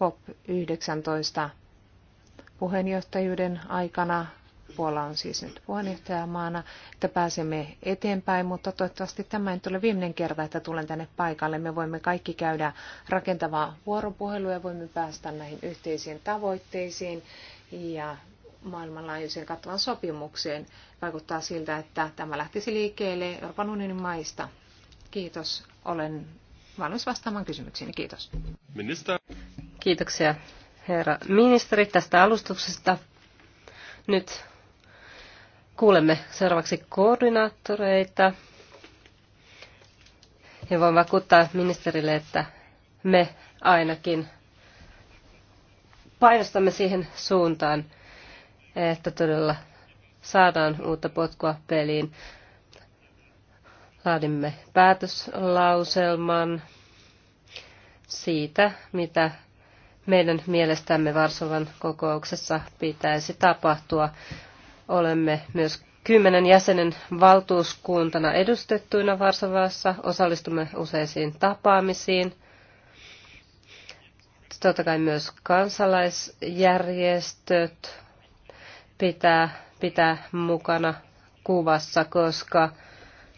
COP19 puheenjohtajuuden aikana, Puola on siis nyt puheenjohtajamaana, että pääsemme eteenpäin, mutta toivottavasti tämä ei tule viimeinen kerta, että tulen tänne paikalle. Me voimme kaikki käydä rakentavaa vuoropuhelua ja voimme päästä näihin yhteisiin tavoitteisiin ja maailmanlaajuisen kattavan sopimukseen. Vaikuttaa siltä, että tämä lähtisi liikkeelle Euroopan unionin maista. Kiitos olen valmis vastaamaan kysymyksiin. Kiitos. Minister. Kiitoksia herra ministeri tästä alustuksesta. Nyt kuulemme seuraavaksi koordinaattoreita. Ja voin vakuuttaa ministerille, että me ainakin painostamme siihen suuntaan, että todella saadaan uutta potkua peliin laadimme päätöslauselman siitä, mitä meidän mielestämme Varsovan kokouksessa pitäisi tapahtua. Olemme myös kymmenen jäsenen valtuuskuntana edustettuina Varsovassa. Osallistumme useisiin tapaamisiin. Totta kai myös kansalaisjärjestöt pitää, pitää mukana kuvassa, koska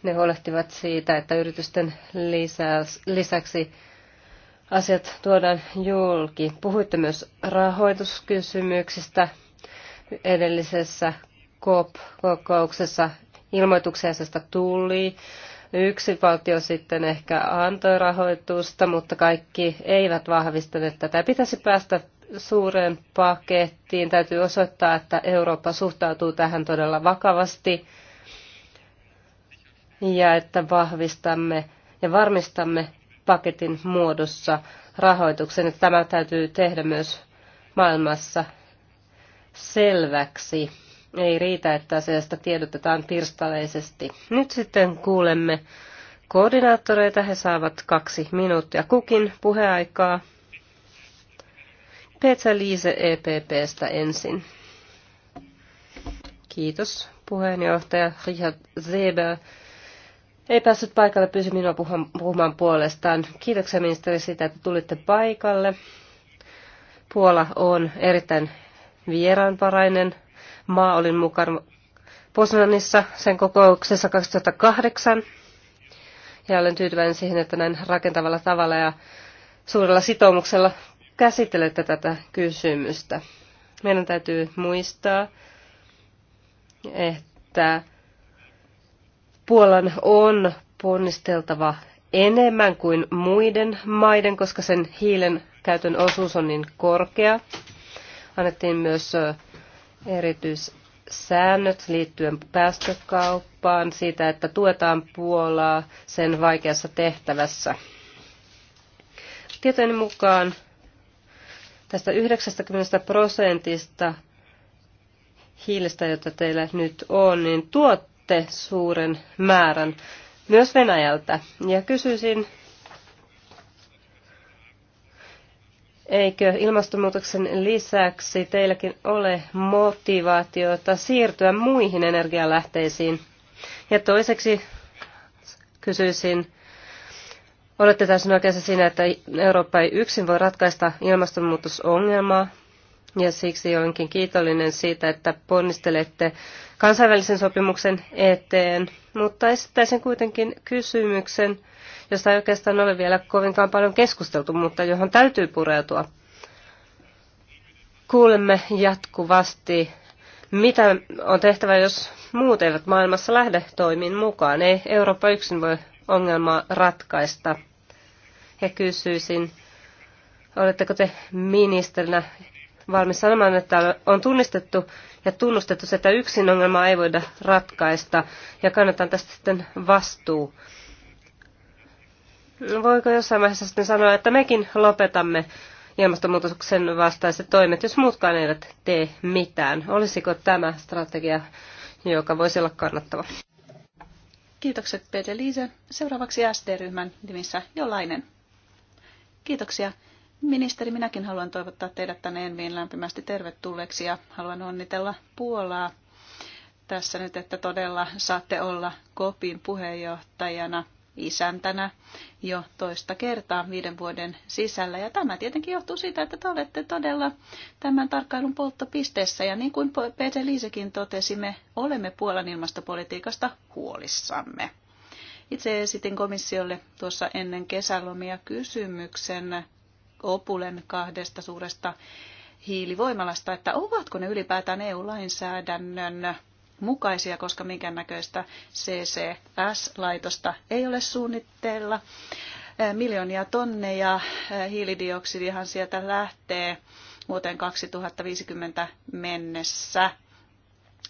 ne huolehtivat siitä, että yritysten lisäksi asiat tuodaan julki. Puhuitte myös rahoituskysymyksistä edellisessä COP-kokouksessa. Ilmoituksia tuli. Yksi valtio sitten ehkä antoi rahoitusta, mutta kaikki eivät vahvistaneet tätä. Pitäisi päästä suureen pakettiin. Täytyy osoittaa, että Eurooppa suhtautuu tähän todella vakavasti ja että vahvistamme ja varmistamme paketin muodossa rahoituksen. Tämä täytyy tehdä myös maailmassa selväksi. Ei riitä, että asiasta tiedotetaan pirstaleisesti. Nyt sitten kuulemme koordinaattoreita. He saavat kaksi minuuttia kukin puheaikaa. Petra Liise EPPstä ensin. Kiitos puheenjohtaja Richard Zeber ei päässyt paikalle, pysy minua puhumaan puolestaan. Kiitoksia ministeri siitä, että tulitte paikalle. Puola on erittäin vieraanvarainen maa. Olin mukana Poznanissa sen kokouksessa 2008. Ja olen tyytyväinen siihen, että näin rakentavalla tavalla ja suurella sitoumuksella käsittelette tätä kysymystä. Meidän täytyy muistaa, että Puolan on ponnisteltava enemmän kuin muiden maiden, koska sen hiilen käytön osuus on niin korkea. Annettiin myös erityissäännöt liittyen päästökauppaan siitä, että tuetaan Puolaa sen vaikeassa tehtävässä. Tietojen mukaan tästä 90 prosentista hiilestä, jota teillä nyt on, niin tuot saatte suuren määrän myös Venäjältä. Ja kysyisin, eikö ilmastonmuutoksen lisäksi teilläkin ole motivaatiota siirtyä muihin energialähteisiin? Ja toiseksi kysyisin, olette täysin oikeassa siinä, että Eurooppa ei yksin voi ratkaista ilmastonmuutosongelmaa, ja siksi olenkin kiitollinen siitä, että ponnistelette kansainvälisen sopimuksen eteen. Mutta esittäisin kuitenkin kysymyksen, josta ei oikeastaan ole vielä kovinkaan paljon keskusteltu, mutta johon täytyy pureutua. Kuulemme jatkuvasti, mitä on tehtävä, jos muut eivät maailmassa lähde toimiin mukaan. Ei Eurooppa yksin voi ongelmaa ratkaista. Ja kysyisin, oletteko te ministerinä valmis sanomaan, että on tunnistettu ja tunnustettu se, että yksin ongelmaa ei voida ratkaista ja kannetaan tästä sitten vastuu. Voiko jossain vaiheessa sitten sanoa, että mekin lopetamme ilmastonmuutoksen vastaiset toimet, jos muutkaan eivät tee mitään? Olisiko tämä strategia, joka voisi olla kannattava? Kiitokset Peter Liise. Seuraavaksi SD-ryhmän nimissä Jollainen. Kiitoksia. Ministeri, minäkin haluan toivottaa teidät tänne Enviin lämpimästi tervetulleeksi ja haluan onnitella Puolaa tässä nyt, että todella saatte olla KOPin puheenjohtajana isäntänä jo toista kertaa viiden vuoden sisällä. Ja tämä tietenkin johtuu siitä, että te olette todella tämän tarkkailun polttopisteessä. Ja niin kuin Peter Liisekin totesi, me olemme Puolan ilmastopolitiikasta huolissamme. Itse esitin komissiolle tuossa ennen kesälomia kysymyksen Opulen kahdesta suuresta hiilivoimalasta, että ovatko ne ylipäätään EU-lainsäädännön mukaisia, koska minkäännäköistä CCS-laitosta ei ole suunnitteilla. Eh, miljoonia tonneja eh, hiilidioksidihan sieltä lähtee vuoteen 2050 mennessä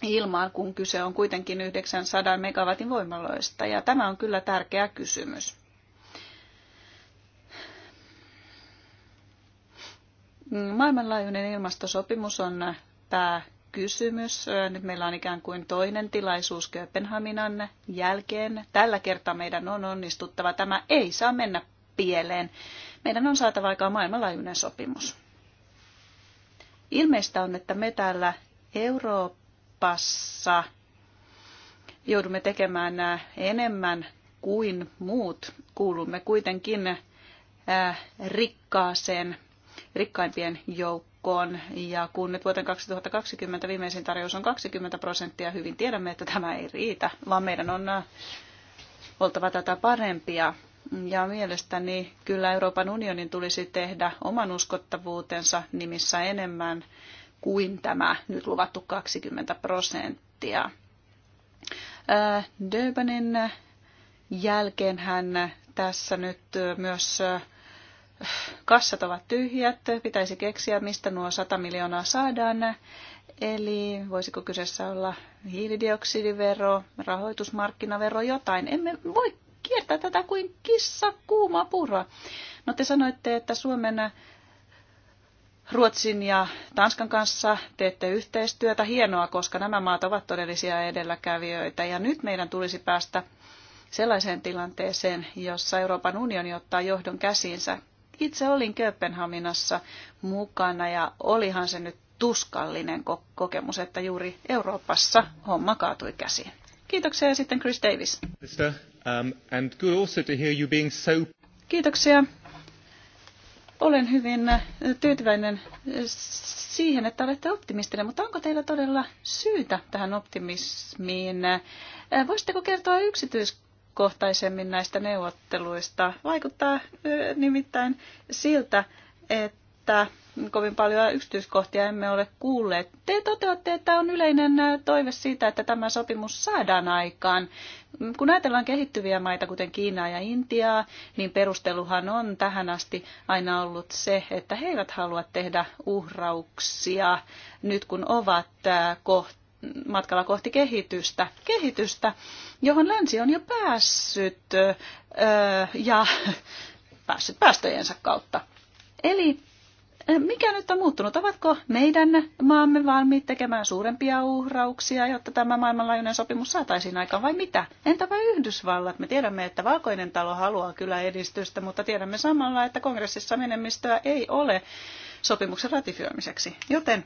ilmaan, kun kyse on kuitenkin 900 megawatin voimaloista. Ja tämä on kyllä tärkeä kysymys. Maailmanlaajuinen ilmastosopimus on pääkysymys. Nyt meillä on ikään kuin toinen tilaisuus Kööpenhaminan jälkeen. Tällä kertaa meidän on onnistuttava. Tämä ei saa mennä pieleen. Meidän on saatava aikaa maailmanlaajuinen sopimus. Ilmeistä on, että me täällä Euroopassa joudumme tekemään enemmän kuin muut. Kuulumme kuitenkin rikkaaseen rikkaimpien joukkoon. Ja kun nyt vuoteen 2020 viimeisin tarjous on 20 prosenttia, hyvin tiedämme, että tämä ei riitä, vaan meidän on äh, oltava tätä parempia. Ja mielestäni kyllä Euroopan unionin tulisi tehdä oman uskottavuutensa nimissä enemmän kuin tämä nyt luvattu 20 prosenttia. Äh, Durbanin äh, jälkeen hän tässä nyt myös kassat ovat tyhjät, pitäisi keksiä, mistä nuo 100 miljoonaa saadaan. Eli voisiko kyseessä olla hiilidioksidivero, rahoitusmarkkinavero, jotain. Emme voi kiertää tätä kuin kissa kuuma pura. No te sanoitte, että Suomen Ruotsin ja Tanskan kanssa teette yhteistyötä. Hienoa, koska nämä maat ovat todellisia edelläkävijöitä. Ja nyt meidän tulisi päästä sellaiseen tilanteeseen, jossa Euroopan unioni ottaa johdon käsiinsä. Itse olin Kööpenhaminassa mukana ja olihan se nyt tuskallinen kokemus, että juuri Euroopassa homma kaatui käsiin. Kiitoksia ja sitten Chris Davis. Um, Kiitoksia. Olen hyvin äh, tyytyväinen äh, siihen, että olette optimistinen, mutta onko teillä todella syytä tähän optimismiin? Äh, voisitteko kertoa yksityiskohtaisesti? yksityiskohtaisemmin näistä neuvotteluista. Vaikuttaa nimittäin siltä, että kovin paljon yksityiskohtia emme ole kuulleet. Te toteatte, että on yleinen toive siitä, että tämä sopimus saadaan aikaan. Kun ajatellaan kehittyviä maita, kuten Kiinaa ja Intiaa, niin perusteluhan on tähän asti aina ollut se, että he eivät halua tehdä uhrauksia nyt kun ovat kohta matkalla kohti kehitystä, kehitystä, johon länsi on jo päässyt öö, ja päässyt päästöjensä kautta. Eli mikä nyt on muuttunut? Ovatko meidän maamme valmiit tekemään suurempia uhrauksia, jotta tämä maailmanlaajuinen sopimus saataisiin aikaan vai mitä? Entäpä Yhdysvallat? Me tiedämme, että Valkoinen talo haluaa kyllä edistystä, mutta tiedämme samalla, että kongressissa menemistöä ei ole sopimuksen ratifioimiseksi. Joten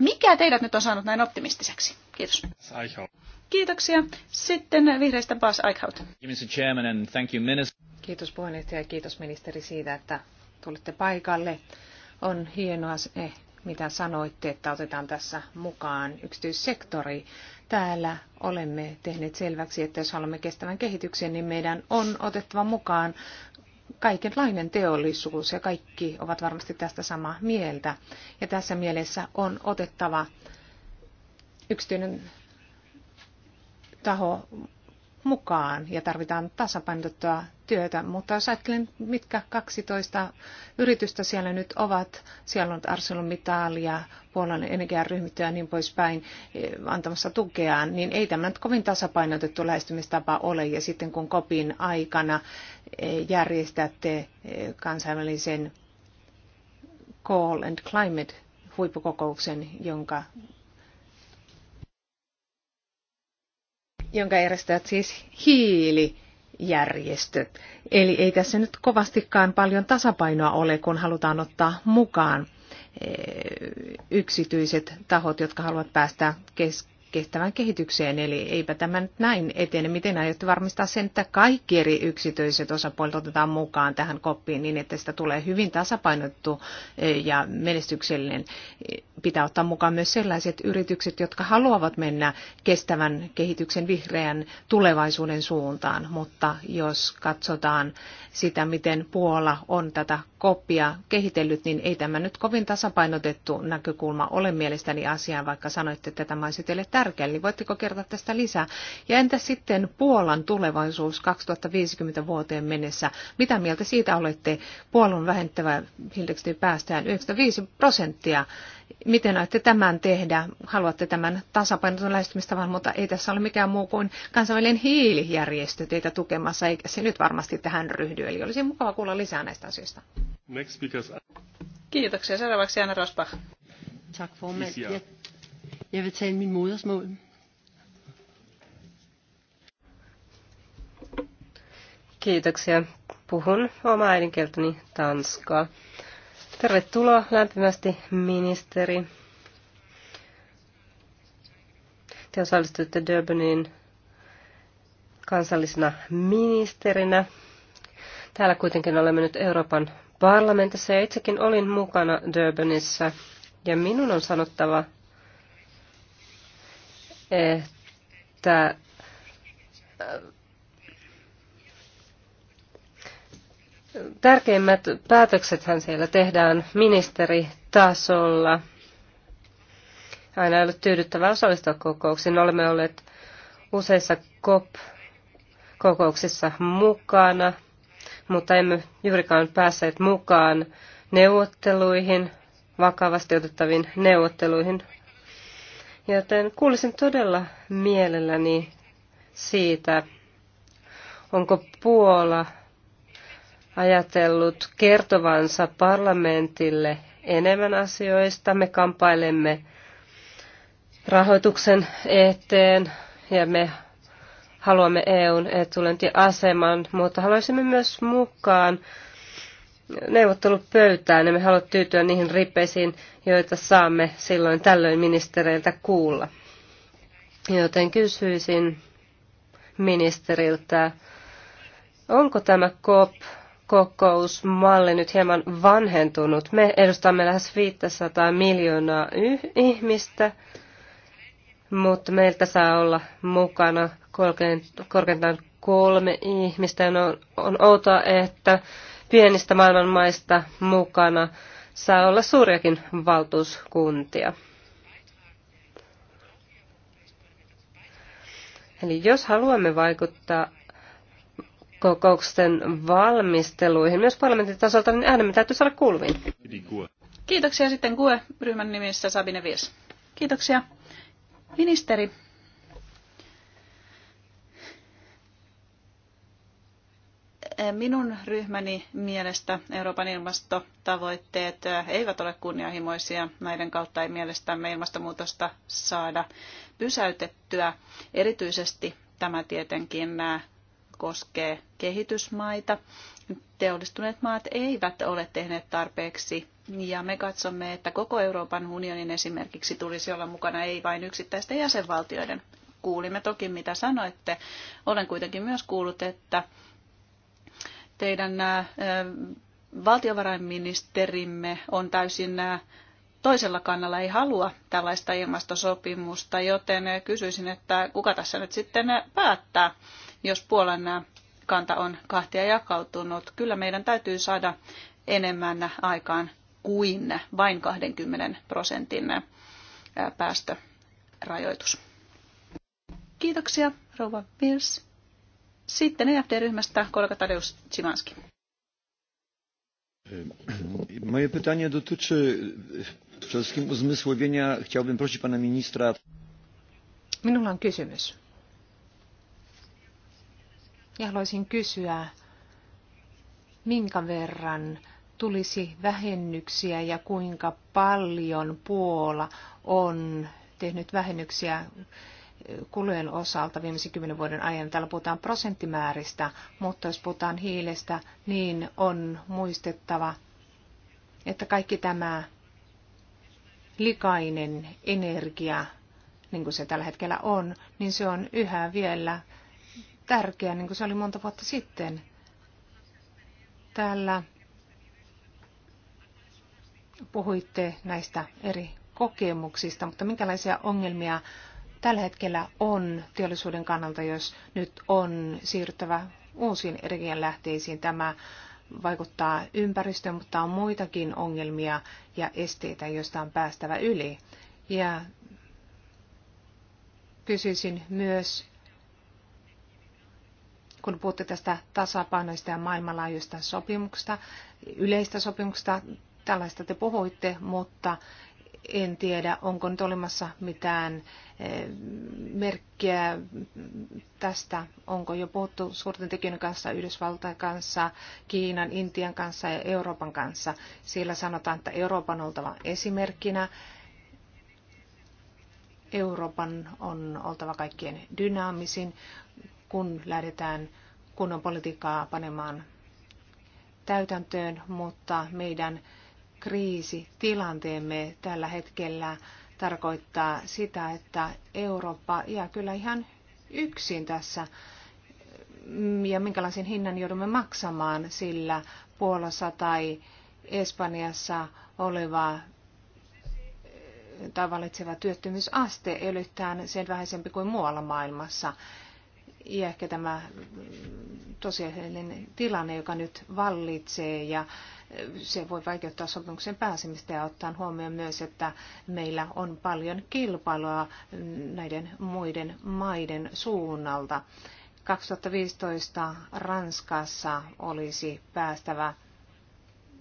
mikä teidät nyt on saanut näin optimistiseksi? Kiitos. Kiitoksia. Sitten vihreistä Bas Eichhout. Kiitos puheenjohtaja ja kiitos ministeri siitä, että tulitte paikalle. On hienoa se, eh, mitä sanoitte, että otetaan tässä mukaan yksityissektori. Täällä olemme tehneet selväksi, että jos haluamme kestävän kehityksen, niin meidän on otettava mukaan kaikenlainen teollisuus ja kaikki ovat varmasti tästä samaa mieltä. Ja tässä mielessä on otettava yksityinen taho mukaan ja tarvitaan tasapainotettua työtä, mutta jos ajattelen, mitkä 12 yritystä siellä nyt ovat, siellä on ArcelorMittal ja Puolan energiaryhmittyä ja niin poispäin eh, antamassa tukeaan, niin ei tämä nyt kovin tasapainotettu lähestymistapa ole. Ja sitten kun kopin aikana eh, järjestätte eh, kansainvälisen Call and Climate huippukokouksen, jonka jonka järjestävät siis hiilijärjestöt. Eli ei tässä nyt kovastikaan paljon tasapainoa ole, kun halutaan ottaa mukaan eh, yksityiset tahot, jotka haluavat päästä kes- kestävän kehitykseen, eli eipä tämä nyt näin etene. Miten aiotte varmistaa sen, että kaikki eri yksityiset osapuolet otetaan mukaan tähän koppiin niin, että sitä tulee hyvin tasapainottu e, ja menestyksellinen? Pitää ottaa mukaan myös sellaiset yritykset, jotka haluavat mennä kestävän kehityksen vihreän tulevaisuuden suuntaan, mutta jos katsotaan sitä, miten Puola on tätä koppia kehitellyt, niin ei tämä nyt kovin tasapainotettu näkökulma ole mielestäni asiaan, vaikka sanoitte, että tämä olisi teille tärkeää tärkeä, eli voitteko kertoa tästä lisää? Ja entä sitten Puolan tulevaisuus 2050 vuoteen mennessä? Mitä mieltä siitä olette? Puolun vähentävä päästään 95 prosenttia. Miten olette tämän tehdä? Haluatte tämän tasapainoton lähestymistavan, mutta ei tässä ole mikään muu kuin kansainvälinen hiilijärjestö teitä tukemassa, eikä se nyt varmasti tähän ryhdy. Eli olisi mukava kuulla lisää näistä asioista. Next Kiitoksia. Seuraavaksi Anna Rosbach. Tack för mig. Jeg vil tale min modersmål. Kiitoksia. Puhun oma äidinkieltäni tanskaa. Tervetuloa lämpimästi, ministeri. Te osallistuitte Durbanin kansallisena ministerinä. Täällä kuitenkin olemme nyt Euroopan parlamentissa ja itsekin olin mukana Durbanissa. Ja minun on sanottava, että äh, tärkeimmät päätöksethän siellä tehdään ministeritasolla. Aina ei ole tyydyttävää osallistua kokouksiin. Olemme olleet useissa COP-kokouksissa mukana, mutta emme juurikaan päässeet mukaan neuvotteluihin, vakavasti otettaviin neuvotteluihin Joten kuulisin todella mielelläni siitä, onko Puola ajatellut kertovansa parlamentille enemmän asioista. Me kampailemme rahoituksen eteen ja me haluamme EUn etulentiaseman, mutta haluaisimme myös mukaan neuvottelupöytään, emme haluamme tyytyä niihin rippeisiin, joita saamme silloin tällöin ministereiltä kuulla. Joten kysyisin ministeriltä, onko tämä COP kokousmalli nyt hieman vanhentunut. Me edustamme lähes 500 miljoonaa ihmistä, mutta meiltä saa olla mukana korkeintaan kolme ihmistä. On, no, on outoa, että pienistä maailmanmaista mukana, saa olla suuriakin valtuuskuntia. Eli jos haluamme vaikuttaa kokouksen valmisteluihin myös parlamentin tasolta, niin äänemme täytyy saada kuuluviin. Kiitoksia sitten Kue, ryhmän nimissä Sabine Vies. Kiitoksia. Ministeri, Minun ryhmäni mielestä Euroopan ilmastotavoitteet äh, eivät ole kunnianhimoisia. Näiden kautta ei mielestämme ilmastonmuutosta saada pysäytettyä. Erityisesti tämä tietenkin äh, koskee kehitysmaita. Teollistuneet maat eivät ole tehneet tarpeeksi ja me katsomme, että koko Euroopan unionin esimerkiksi tulisi olla mukana ei vain yksittäisten jäsenvaltioiden. Kuulimme toki, mitä sanoitte. Olen kuitenkin myös kuullut, että teidän valtiovarainministerimme on täysin toisella kannalla, ei halua tällaista ilmastosopimusta, joten kysyisin, että kuka tässä nyt sitten päättää, jos Puolan kanta on kahtia jakautunut. Kyllä meidän täytyy saada enemmän aikaan kuin vain 20 prosentin päästörajoitus. Kiitoksia, rouva Pils. Sitten EFD-ryhmästä kollega Tadeusz Cimanski. E, moje pytanie dotyczy e, przede wszystkim uzmysłowienia. Chciałbym prosić pana ministra. Minulla on kysymys. Ja haluaisin kysyä, minkä verran tulisi vähennyksiä ja kuinka paljon Puola on tehnyt vähennyksiä kulujen osalta viimeisen kymmenen vuoden ajan. Täällä puhutaan prosenttimääristä, mutta jos puhutaan hiilestä, niin on muistettava, että kaikki tämä likainen energia, niin kuin se tällä hetkellä on, niin se on yhä vielä tärkeä, niin kuin se oli monta vuotta sitten. Täällä puhuitte näistä eri kokemuksista, mutta minkälaisia ongelmia tällä hetkellä on teollisuuden kannalta, jos nyt on siirryttävä uusiin energianlähteisiin. Tämä vaikuttaa ympäristöön, mutta on muitakin ongelmia ja esteitä, joista on päästävä yli. Ja kysyisin myös, kun puhutte tästä tasapainoista ja maailmanlaajuista sopimuksista, yleistä sopimuksista, tällaista te puhuitte, mutta en tiedä, onko nyt olemassa mitään eh, merkkiä tästä, onko jo puhuttu suurten tekijöiden kanssa, Yhdysvaltain kanssa, Kiinan, Intian kanssa ja Euroopan kanssa. Siellä sanotaan, että Euroopan on oltava esimerkkinä. Euroopan on oltava kaikkien dynaamisin, kun lähdetään kunnon politiikkaa panemaan täytäntöön, mutta meidän kriisi, tilanteemme tällä hetkellä tarkoittaa sitä, että Eurooppa jää kyllä ihan yksin tässä ja minkälaisen hinnan joudumme maksamaan, sillä Puolassa tai Espanjassa oleva tai valitseva työttömyysaste ei sen vähäisempi kuin muualla maailmassa ja ehkä tämä tosiasiallinen tilanne, joka nyt vallitsee ja e, se voi vaikeuttaa sopimuksen pääsemistä ja ottaa huomioon myös, että meillä on paljon kilpailua näiden muiden maiden suunnalta. 2015 Ranskassa olisi päästävä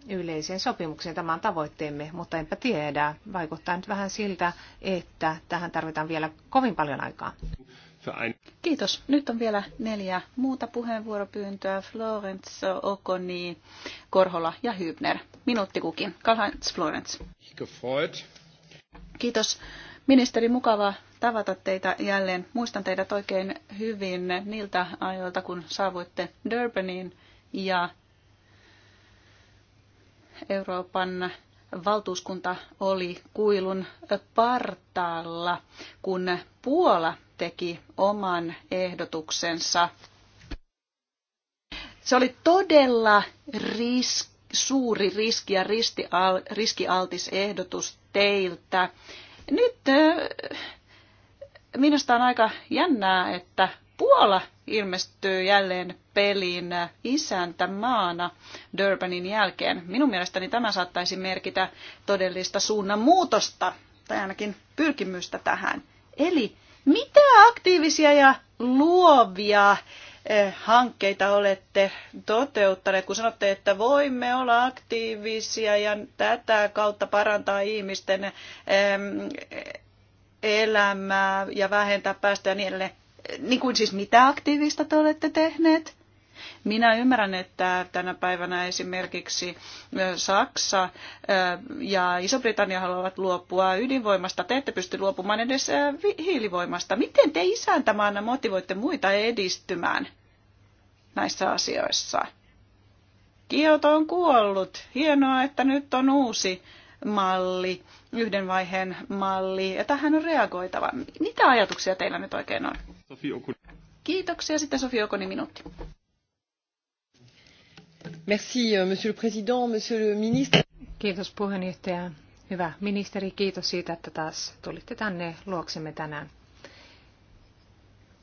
yleiseen sopimukseen. tämän tavoitteemme, mutta enpä tiedä. Vaikuttaa nyt vähän siltä, että tähän tarvitaan vielä kovin paljon aikaa. Kiitos. Nyt on vielä neljä muuta puheenvuoropyyntöä. Florence, Okoni, Korhola ja Hübner. Minuutti kukin. Karl-Heinz Florence. Kiitos. Ministeri, mukava tavata teitä jälleen. Muistan teidät oikein hyvin niiltä ajoilta, kun saavuitte Durbaniin ja Euroopan valtuuskunta oli kuilun partaalla, kun Puola teki oman ehdotuksensa. Se oli todella riski suuri riski ja ristial, riskialtis ehdotus teiltä. Nyt minusta on aika jännää, että Puola ilmestyy jälleen pelin isäntämaana Durbanin jälkeen. Minun mielestäni tämä saattaisi merkitä todellista suunnanmuutosta tai ainakin pyrkimystä tähän. Eli mitä aktiivisia ja luovia eh, hankkeita olette toteuttaneet, kun sanotte, että voimme olla aktiivisia ja tätä kautta parantaa ihmisten elämää ja vähentää päästöjä niille? niin edelleen. Niin kuin siis mitä aktiivista te olette tehneet? Minä ymmärrän, että tänä päivänä esimerkiksi Saksa ja Iso-Britannia haluavat luopua ydinvoimasta. Te ette pysty luopumaan edes hiilivoimasta. Miten te isäntämaana motivoitte muita edistymään näissä asioissa? Kioto on kuollut. Hienoa, että nyt on uusi malli, yhden vaiheen malli, ja tähän on reagoitava. Mitä ajatuksia teillä nyt oikein on? Kiitoksia. Sitten Sofi Okoni minuutti. Euh, monsieur le président, monsieur le ministre. Kiitos puheenjohtaja. Hyvä ministeri, kiitos siitä, että taas tulitte tänne luoksemme tänään.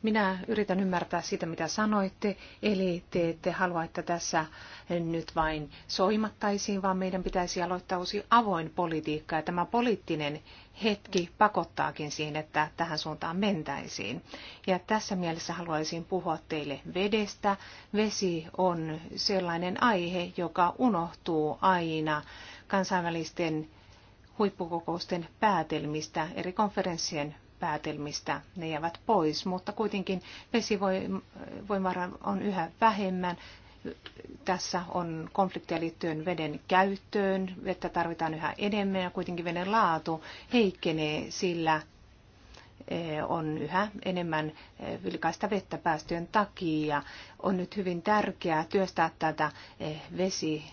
Minä yritän ymmärtää sitä, mitä sanoitte, eli te ette halua, että tässä nyt vain soimattaisiin, vaan meidän pitäisi aloittaa uusi avoin politiikka, ja tämä poliittinen hetki pakottaakin siihen, että tähän suuntaan mentäisiin. Ja tässä mielessä haluaisin puhua teille vedestä. Vesi on sellainen aihe, joka unohtuu aina kansainvälisten huippukokousten päätelmistä eri konferenssien päätelmistä. Ne jäävät pois, mutta kuitenkin vesivoimara on yhä vähemmän. Tässä on konflikteja liittyen veden käyttöön, vettä tarvitaan yhä enemmän ja kuitenkin veden laatu heikkenee, sillä e, on yhä enemmän e, vilkaista vettä päästöjen takia ja on nyt hyvin tärkeää työstää tätä e, vesi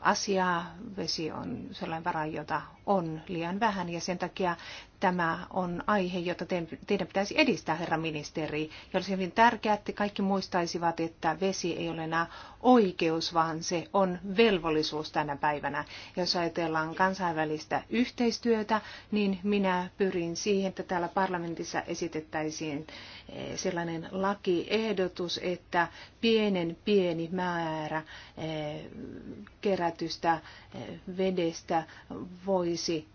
asiaa. Vesi on sellainen vara, jota on liian vähän ja sen takia tämä on aihe, jota teidän pitäisi edistää, herra ministeri. Ja olisi hyvin tärkeää, että kaikki muistaisivat, että vesi ei ole enää oikeus, vaan se on velvollisuus tänä päivänä. Jos ajatellaan kansainvälistä yhteistyötä, niin minä pyrin siihen, että täällä parlamentissa esitettäisiin eh, sellainen lakiehdotus, että pienen pieni määrä eh, kerätystä eh, vedestä voisi,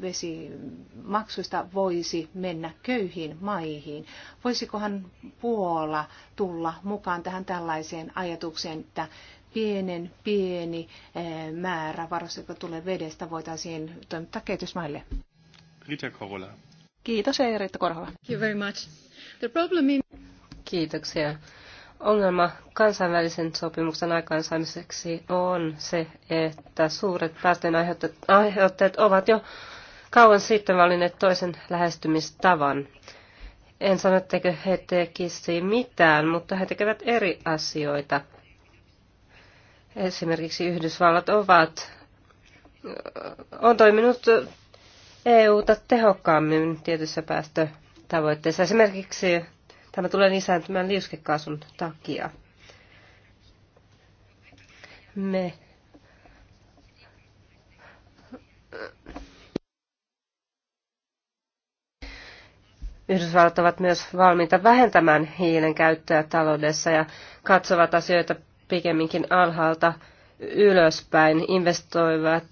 vesimaksuista voisi mennä köyhiin maihin. Voisikohan Puola tulla mukaan tähän tällaiseen ajatukseen, että pienen pieni eh, määrä varoista, jotka tulee vedestä, voitaisiin toimittaa kehitysmaille. Kiitos ja Riitta Korhola. Thank you very much. The problem in... Kiitoksia. Ongelma kansainvälisen sopimuksen aikaansaamiseksi on se, että suuret päästöjen aiheuttajat ovat jo kauan sitten valinneet toisen lähestymistavan. En sano, etteikö he tekisi mitään, mutta he tekevät eri asioita. Esimerkiksi Yhdysvallat ovat, on toiminut EUta tehokkaammin tietyssä päästötavoitteessa. Esimerkiksi tämä tulee lisääntymään liuskekaasun takia. Me Yhdysvallat ovat myös valmiita vähentämään hiilen käyttöä taloudessa ja katsovat asioita pikemminkin alhaalta ylöspäin, investoivat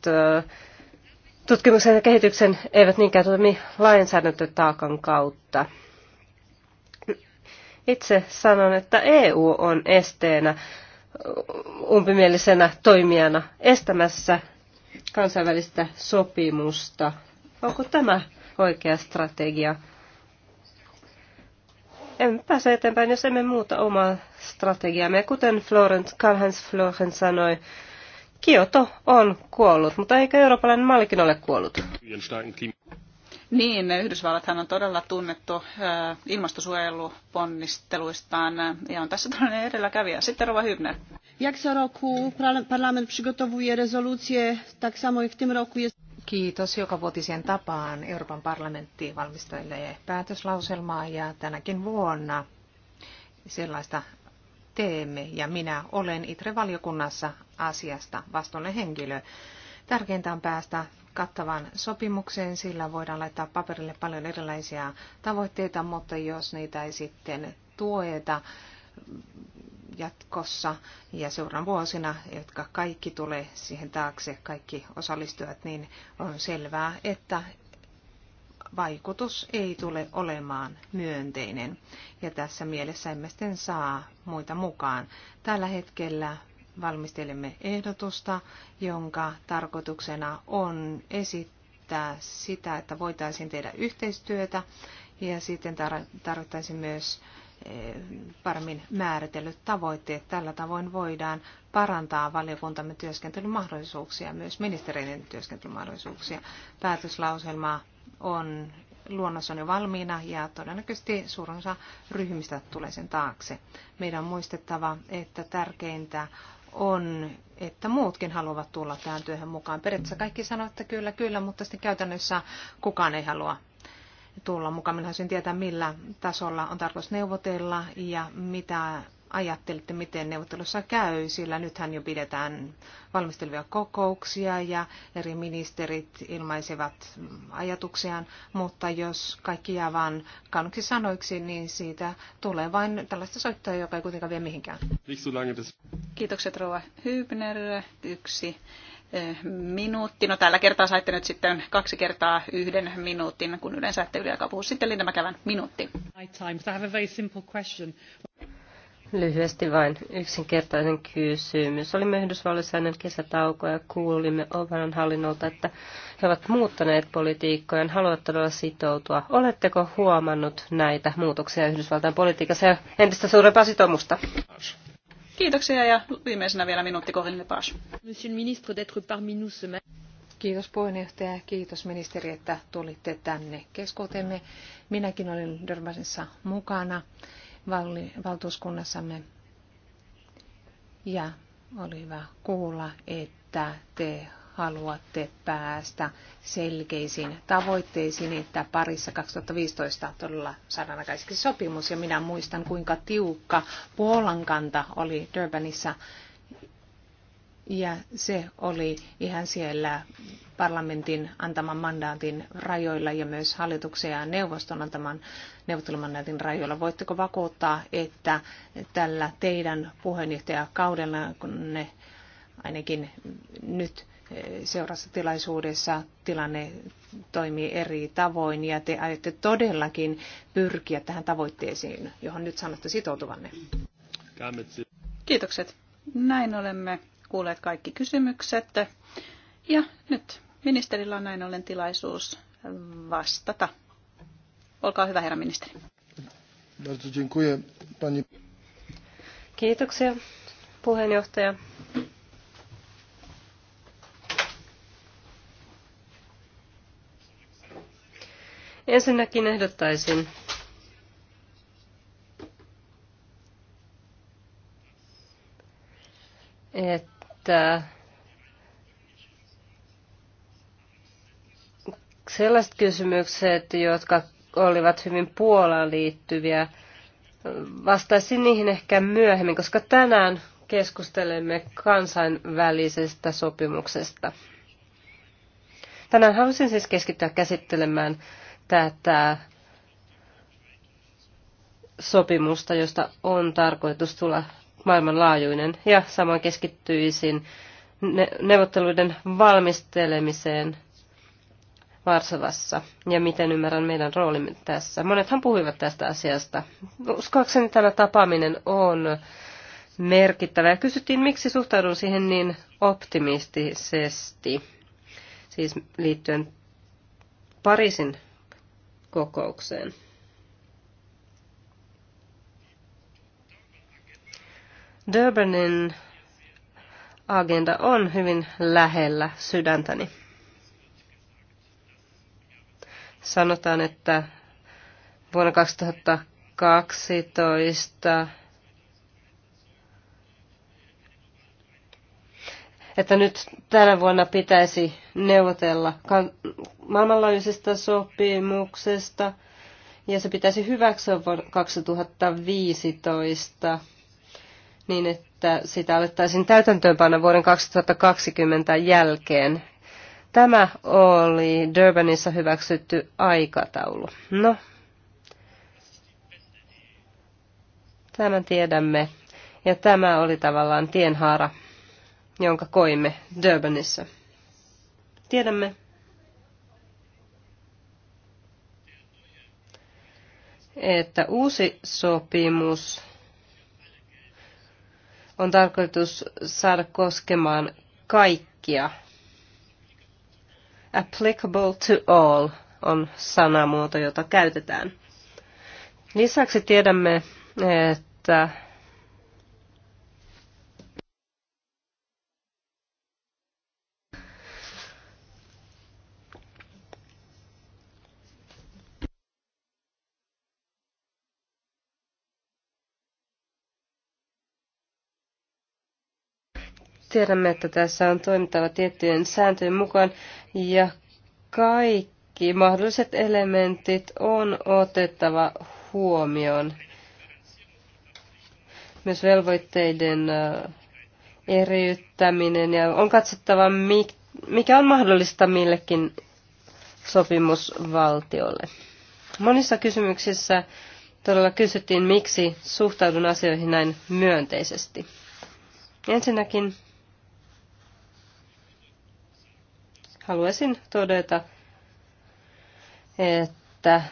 tutkimuksen ja kehityksen eivät niinkään toimi lainsäädäntötaakan kautta. Itse sanon, että EU on esteenä umpimielisenä toimijana estämässä kansainvälistä sopimusta. Onko tämä oikea strategia? emme pääse eteenpäin, jos emme muuta omaa strategiamme. Kuten Florence, Karl-Heinz Floren sanoi, Kioto on kuollut, mutta eikö eurooppalainen mallikin ole kuollut? Niin, Yhdysvallathan on todella tunnettu ilmastosuojeluponnisteluistaan ja on tässä tällainen edelläkävijä. Sitten Rova Hybner. Jak co roku parlament przygotowuje rezolucję, tak samo i w tym roku jest... Kiitos joka vuotisen tapaan Euroopan parlamentti valmistelee päätöslauselmaa ja tänäkin vuonna sellaista teemme ja minä olen ITRE-valiokunnassa asiasta vastuullinen henkilö. Tärkeintä on päästä kattavan sopimukseen, sillä voidaan laittaa paperille paljon erilaisia tavoitteita, mutta jos niitä ei sitten tueta jatkossa ja seuraan vuosina, jotka kaikki tulee siihen taakse, kaikki osallistujat, niin on selvää, että vaikutus ei tule olemaan myönteinen. Ja tässä mielessä emme sitten saa muita mukaan. Tällä hetkellä valmistelemme ehdotusta, jonka tarkoituksena on esittää sitä, että voitaisiin tehdä yhteistyötä ja sitten tarvittaisiin myös paremmin määritellyt tavoitteet. Tällä tavoin voidaan parantaa valiokuntamme työskentelymahdollisuuksia, myös ministerien työskentelymahdollisuuksia. Päätöslauselma on luonnos on jo valmiina ja todennäköisesti suurin osa ryhmistä tulee sen taakse. Meidän on muistettava, että tärkeintä on, että muutkin haluavat tulla tähän työhön mukaan. Periaatteessa kaikki sanovat, että kyllä, kyllä, mutta sitten käytännössä kukaan ei halua tulla mukaan. Minä haluaisin tietää, millä tasolla on tarkoitus neuvotella ja mitä ajattelitte, miten neuvottelussa käy, sillä nythän jo pidetään valmistelevia kokouksia ja eri ministerit ilmaisevat ajatuksiaan, mutta jos kaikki jää vain kannuksi sanoiksi, niin siitä tulee vain tällaista soittoa, joka ei kuitenkaan vie mihinkään. Kiitokset Rova Hybner. Yksi minuutti. No tällä kertaa saitte nyt sitten kaksi kertaa yhden minuutin, kun yleensä ette aikaa puhu. Sitten Linda Mäkävän minuutti. Lyhyesti vain yksinkertainen kysymys. Olimme Yhdysvalloissa ennen kesätaukoa ja kuulimme Obaman hallinnolta, että he ovat muuttaneet ja haluavat todella sitoutua. Oletteko huomannut näitä muutoksia Yhdysvaltain politiikassa ja entistä suurempaa sitoumusta? Kiitoksia ja viimeisenä vielä minuutti Corinne Lepage. Monsieur le ministre d'être parmi nous ce matin. Kiitos puheenjohtaja ja kiitos ministeri, että tulitte tänne keskuutemme. Minäkin olin Durbanissa mukana valtuuskunnassamme ja oli hyvä kuulla, että te haluatte päästä selkeisiin tavoitteisiin, että parissa 2015 todella saadaan aikaiseksi sopimus. Ja minä muistan, kuinka tiukka Puolan kanta oli Durbanissa. Ja se oli ihan siellä parlamentin antaman mandaatin rajoilla ja myös hallituksen ja neuvoston antaman neuvottelumandaatin rajoilla. Voitteko vakuuttaa, että tällä teidän puheenjohtajakaudellanne ainakin nyt seuraavassa tilaisuudessa tilanne toimii eri tavoin ja te aiotte todellakin pyrkiä tähän tavoitteeseen, johon nyt sanotte sitoutuvanne. Kiitokset. Näin olemme kuulleet kaikki kysymykset. Ja nyt ministerillä on näin ollen tilaisuus vastata. Olkaa hyvä, herra ministeri. Kiitoksia, puheenjohtaja. Ensinnäkin ehdottaisin, että sellaiset kysymykset, jotka olivat hyvin Puolaan liittyviä, vastaisin niihin ehkä myöhemmin, koska tänään keskustelemme kansainvälisestä sopimuksesta. Tänään halusin siis keskittyä käsittelemään tätä sopimusta, josta on tarkoitus tulla maailmanlaajuinen, ja samoin keskittyisin neuvotteluiden valmistelemiseen Varsovassa ja miten ymmärrän meidän roolimme tässä. Monethan puhuivat tästä asiasta. Uskoakseni tämä tapaaminen on merkittävä ja kysyttiin, miksi suhtaudun siihen niin optimistisesti, siis liittyen Pariisin kokoukseen. Durbanin agenda on hyvin lähellä sydäntäni. Sanotaan, että vuonna 2012 että nyt tänä vuonna pitäisi neuvotella maailmanlaajuisesta sopimuksesta ja se pitäisi hyväksyä vuonna 2015 niin, että sitä alettaisiin täytäntöönpanna vuoden 2020 jälkeen. Tämä oli Durbanissa hyväksytty aikataulu. No, tämän tiedämme. Ja tämä oli tavallaan tienhaara jonka koimme Durbanissa. Tiedämme, että uusi sopimus on tarkoitus saada koskemaan kaikkia. Applicable to all on sanamuoto, jota käytetään. Lisäksi tiedämme, että Tiedämme, että tässä on toimittava tiettyjen sääntöjen mukaan ja kaikki mahdolliset elementit on otettava huomioon. Myös velvoitteiden eriyttäminen ja on katsottava, mikä on mahdollista millekin sopimusvaltiolle. Monissa kysymyksissä todella kysyttiin, miksi suhtaudun asioihin näin myönteisesti. Ensinnäkin haluaisin todeta, että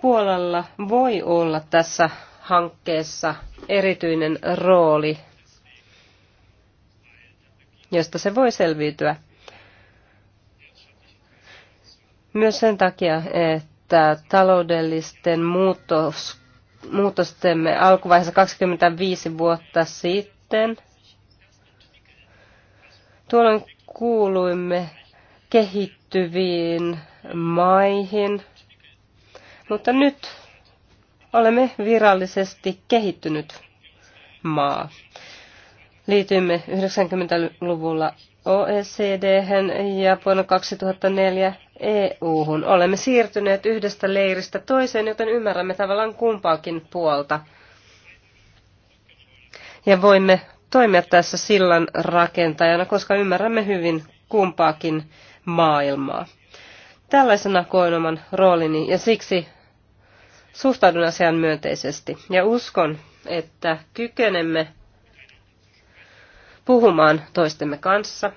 Puolalla voi olla tässä hankkeessa erityinen rooli, josta se voi selviytyä. Myös sen takia, että taloudellisten muutos, muutostemme alkuvaiheessa 25 vuotta sitten, tuolloin kuuluimme kehittyviin maihin, mutta nyt olemme virallisesti kehittynyt maa. Liityimme 90-luvulla oecd ja vuonna 2004 EU-hun. Olemme siirtyneet yhdestä leiristä toiseen, joten ymmärrämme tavallaan kumpaakin puolta. Ja voimme toimia tässä sillan rakentajana, koska ymmärrämme hyvin kumpaakin maailmaa. Tällaisena koen oman roolini ja siksi suhtaudun asiaan myönteisesti ja uskon, että kykenemme puhumaan toistemme kanssa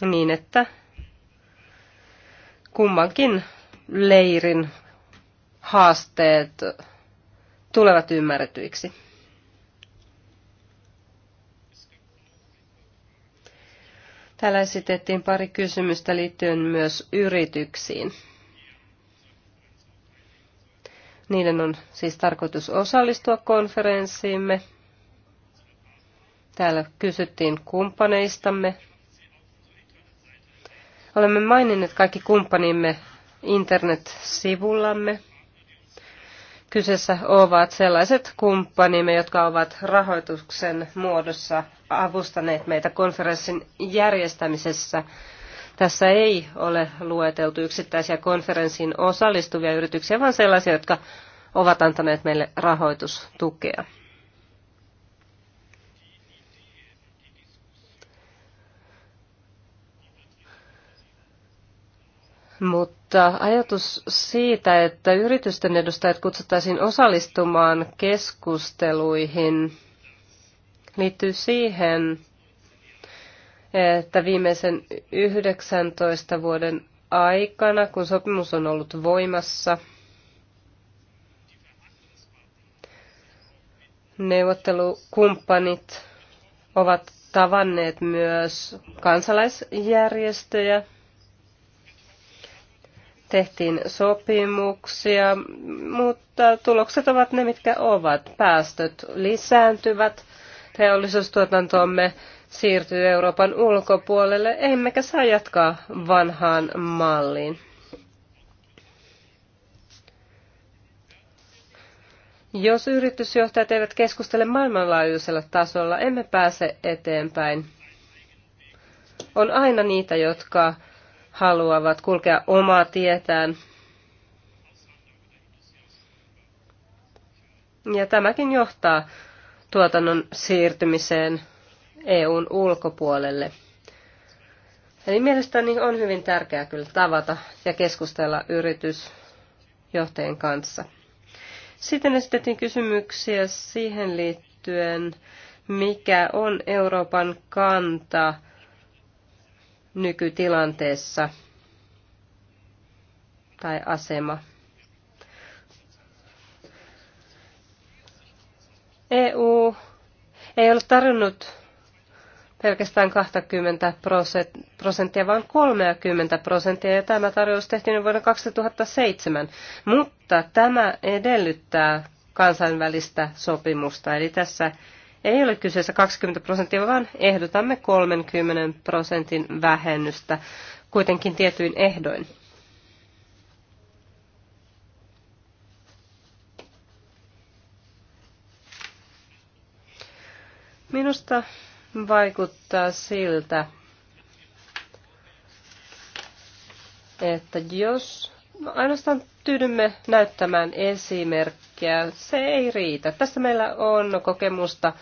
niin, että kummankin leirin haasteet tulevat ymmärretyiksi. Täällä esitettiin pari kysymystä liittyen myös yrityksiin. Niiden on siis tarkoitus osallistua konferenssiimme. Täällä kysyttiin kumppaneistamme. Olemme maininneet kaikki kumppanimme internet-sivullamme. Kyseessä ovat sellaiset kumppanimme, jotka ovat rahoituksen muodossa avustaneet meitä konferenssin järjestämisessä. Tässä ei ole lueteltu yksittäisiä konferenssiin osallistuvia yrityksiä, vaan sellaisia, jotka ovat antaneet meille rahoitustukea. Mutta ajatus siitä, että yritysten edustajat kutsuttaisiin osallistumaan keskusteluihin, liittyy siihen, että viimeisen 19 vuoden aikana, kun sopimus on ollut voimassa, neuvottelukumppanit ovat tavanneet myös kansalaisjärjestöjä – tehtiin sopimuksia, mutta tulokset ovat ne, mitkä ovat. Päästöt lisääntyvät, teollisuustuotantomme siirtyy Euroopan ulkopuolelle, emmekä saa jatkaa vanhaan malliin. Jos yritysjohtajat eivät keskustele maailmanlaajuisella tasolla, emme pääse eteenpäin. On aina niitä, jotka haluavat kulkea omaa tietään. Ja tämäkin johtaa tuotannon siirtymiseen EUn ulkopuolelle. Eli mielestäni on hyvin tärkeää kyllä tavata ja keskustella yritysjohtajien kanssa. Sitten esitettiin kysymyksiä siihen liittyen, mikä on Euroopan kanta nykytilanteessa tai asema. EU ei ole tarjonnut pelkästään 20 prosenttia, vaan 30 prosenttia, ja tämä tarjous tehtiin vuonna 2007. Mutta tämä edellyttää kansainvälistä sopimusta, eli tässä ei ole kyseessä 20 prosenttia, vaan ehdotamme 30 prosentin vähennystä, kuitenkin tietyin ehdoin. Minusta vaikuttaa siltä, että jos no ainoastaan tyydymme näyttämään esimerkkiä. Se ei riitä. Tässä meillä on kokemusta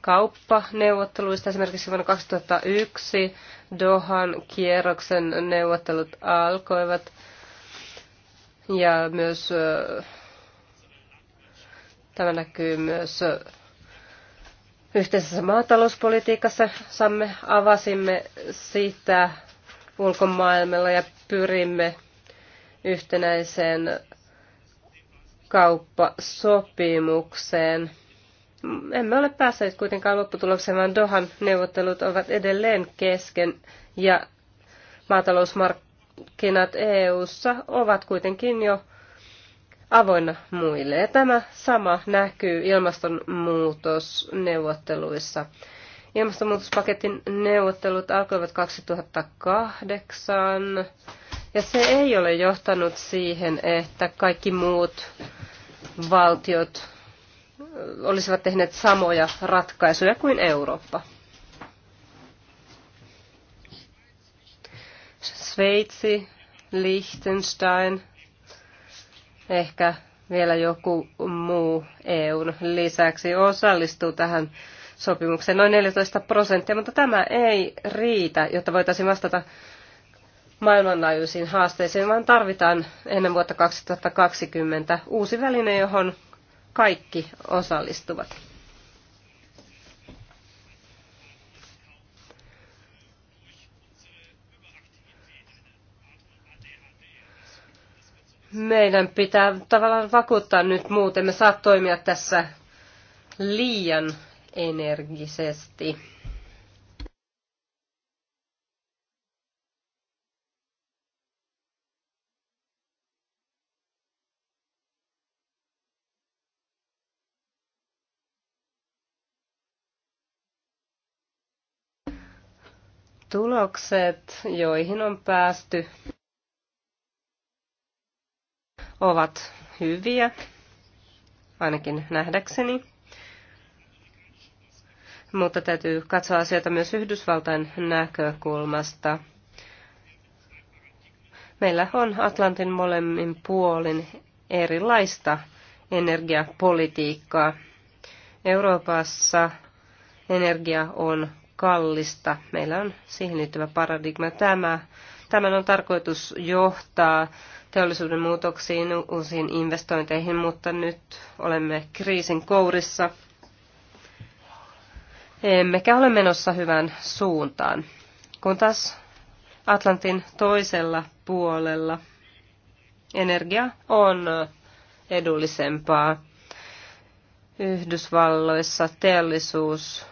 kauppaneuvotteluista. Esimerkiksi vuonna 2001 Dohan kierroksen neuvottelut alkoivat ja myös tämä näkyy myös yhteisessä maatalouspolitiikassa. Samme avasimme sitä ulkomaailmalla ja pyrimme yhtenäiseen kauppasopimukseen. Emme ole päässeet kuitenkaan lopputulokseen, vaan Dohan neuvottelut ovat edelleen kesken ja maatalousmarkkinat EU:ssa ovat kuitenkin jo avoinna muille. Ja tämä sama näkyy ilmastonmuutosneuvotteluissa. Ilmastonmuutospaketin neuvottelut alkoivat 2008 ja se ei ole johtanut siihen, että kaikki muut valtiot olisivat tehneet samoja ratkaisuja kuin Eurooppa. Sveitsi, Liechtenstein, ehkä vielä joku muu EUn lisäksi osallistuu tähän sopimukseen noin 14 prosenttia, mutta tämä ei riitä, jotta voitaisiin vastata maailmanlaajuisiin haasteisiin, vaan tarvitaan ennen vuotta 2020 uusi väline, johon kaikki osallistuvat. Meidän pitää tavallaan vakuuttaa nyt muuten. Me saa toimia tässä liian energisesti. tulokset, joihin on päästy, ovat hyviä, ainakin nähdäkseni. Mutta täytyy katsoa asioita myös Yhdysvaltain näkökulmasta. Meillä on Atlantin molemmin puolin erilaista energiapolitiikkaa. Euroopassa energia on kallista. Meillä on siihen liittyvä paradigma. Tämä, tämän on tarkoitus johtaa teollisuuden muutoksiin, uusiin investointeihin, mutta nyt olemme kriisin kourissa. Emmekä ole menossa hyvään suuntaan. Kun taas Atlantin toisella puolella energia on edullisempaa. Yhdysvalloissa teollisuus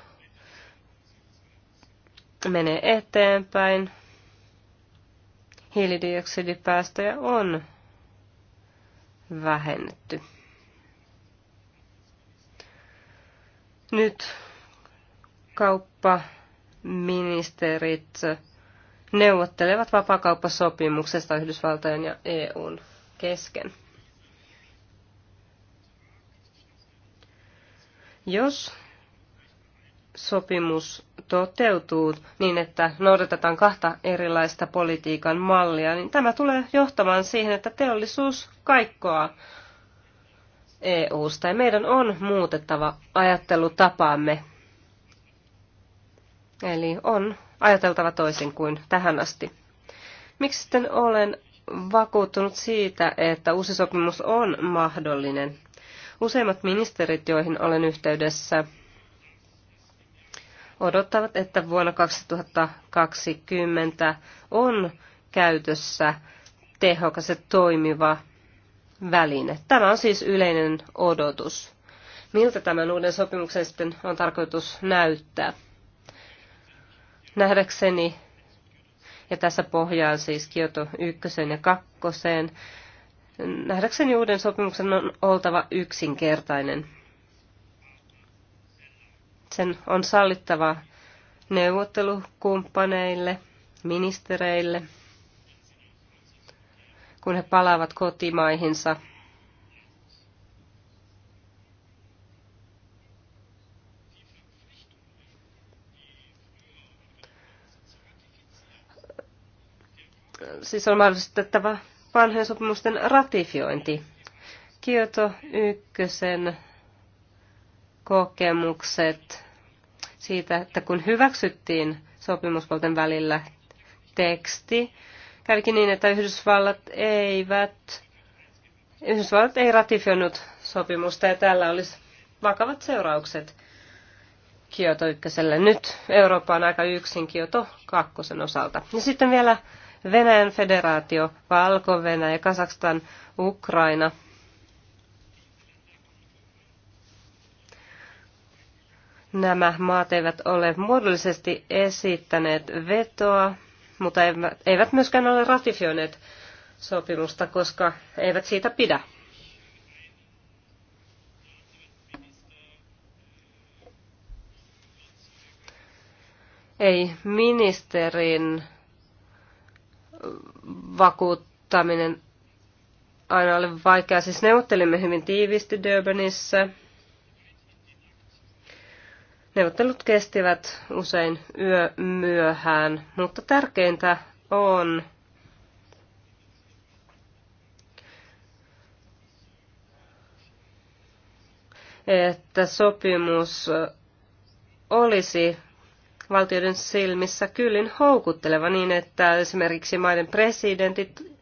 menee eteenpäin. Hiilidioksidipäästöjä on vähennetty. Nyt kauppaministerit neuvottelevat vapakauppasopimuksesta Yhdysvaltojen ja EUn kesken. Jos sopimus toteutuu niin, että noudatetaan kahta erilaista politiikan mallia, niin tämä tulee johtamaan siihen, että teollisuus kaikkoa EU-sta. Ja meidän on muutettava ajattelutapaamme. Eli on ajateltava toisin kuin tähän asti. Miksi sitten olen vakuuttunut siitä, että uusi sopimus on mahdollinen? Useimmat ministerit, joihin olen yhteydessä, odottavat, että vuonna 2020 on käytössä tehokas ja toimiva väline. Tämä on siis yleinen odotus. Miltä tämän uuden sopimuksen sitten on tarkoitus näyttää? Nähdäkseni, ja tässä pohjaan siis Kioto ykköseen ja kakkoseen, nähdäkseni uuden sopimuksen on oltava yksinkertainen sen on sallittava neuvottelukumppaneille, ministereille, kun he palaavat kotimaihinsa. Siis on mahdollistettava vanhojen sopimusten ratifiointi. Kioto ykkösen kokemukset siitä, että kun hyväksyttiin sopimuspuolten välillä teksti, kävikin niin, että Yhdysvallat eivät, Yhdysvallat ei ratifioinut sopimusta ja tällä olisi vakavat seuraukset Kioto ykköselle. Nyt Eurooppa on aika yksin Kioto kakkosen osalta. Ja sitten vielä Venäjän federaatio, Valko-Venäjä, Kasakstan, Ukraina – Nämä maat eivät ole muodollisesti esittäneet vetoa, mutta eivät myöskään ole ratifioineet sopimusta, koska eivät siitä pidä. Ei ministerin vakuuttaminen aina ole vaikeaa. Siis neuvottelimme hyvin tiiviisti Durbanissa – Neuvottelut kestivät usein yö myöhään, mutta tärkeintä on että sopimus olisi valtioiden silmissä kyllin houkutteleva niin, että esimerkiksi maiden presidentit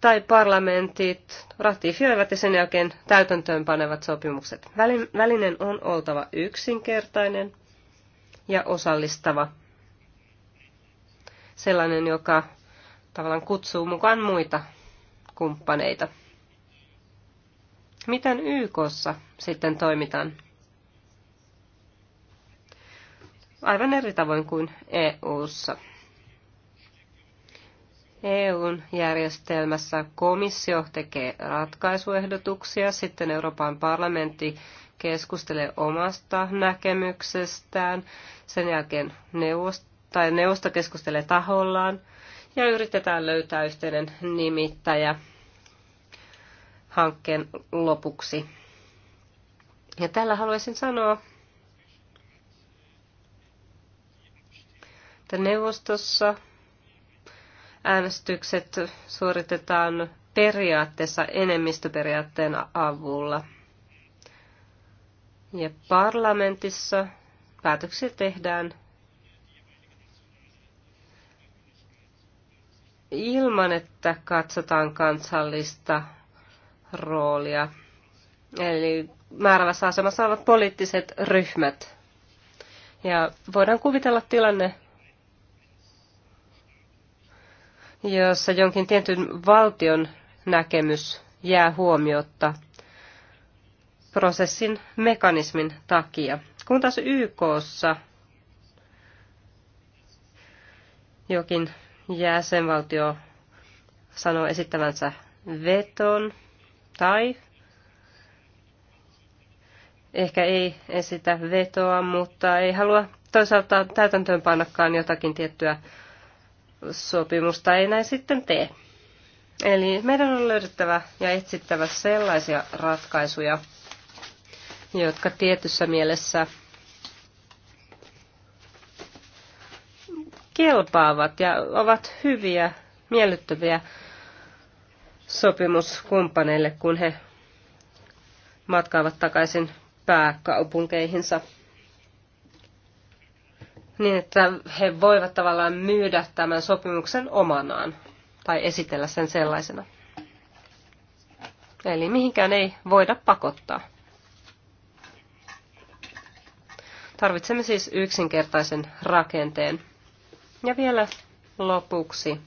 tai parlamentit ratifioivat ja sen jälkeen täytäntöön panevat sopimukset. Välinen on oltava yksinkertainen ja osallistava. Sellainen, joka tavallaan kutsuu mukaan muita kumppaneita. Miten YKssa sitten toimitaan? Aivan eri tavoin kuin EUssa. EUn järjestelmässä komissio tekee ratkaisuehdotuksia, sitten Euroopan parlamentti keskustelee omasta näkemyksestään, sen jälkeen neuvosto, tai neuvosto keskustelee tahollaan ja yritetään löytää yhteinen nimittäjä hankkeen lopuksi. Ja tällä haluaisin sanoa, että neuvostossa äänestykset suoritetaan periaatteessa enemmistöperiaatteen avulla. Ja parlamentissa päätöksiä tehdään ilman, että katsotaan kansallista roolia. Eli määrävässä asemassa ovat poliittiset ryhmät. Ja voidaan kuvitella tilanne jossa jonkin tietyn valtion näkemys jää huomiotta prosessin mekanismin takia. Kun taas YKssa jokin jäsenvaltio sanoo esittävänsä veton tai ehkä ei esitä vetoa, mutta ei halua toisaalta täytäntöönpannakaan jotakin tiettyä sopimusta ei näin sitten tee. Eli meidän on löydettävä ja etsittävä sellaisia ratkaisuja, jotka tietyssä mielessä kelpaavat ja ovat hyviä, miellyttäviä sopimuskumppaneille, kun he matkaavat takaisin pääkaupunkeihinsa niin että he voivat tavallaan myydä tämän sopimuksen omanaan tai esitellä sen sellaisena. Eli mihinkään ei voida pakottaa. Tarvitsemme siis yksinkertaisen rakenteen. Ja vielä lopuksi.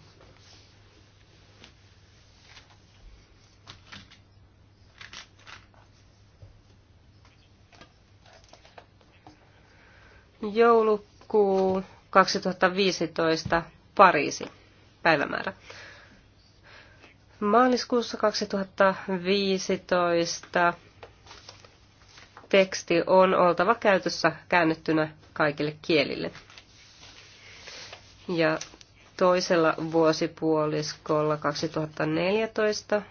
Joulu Marraskuu 2015 Pariisi päivämäärä. Maaliskuussa 2015 teksti on oltava käytössä käännettynä kaikille kielille. Ja toisella vuosipuoliskolla 2014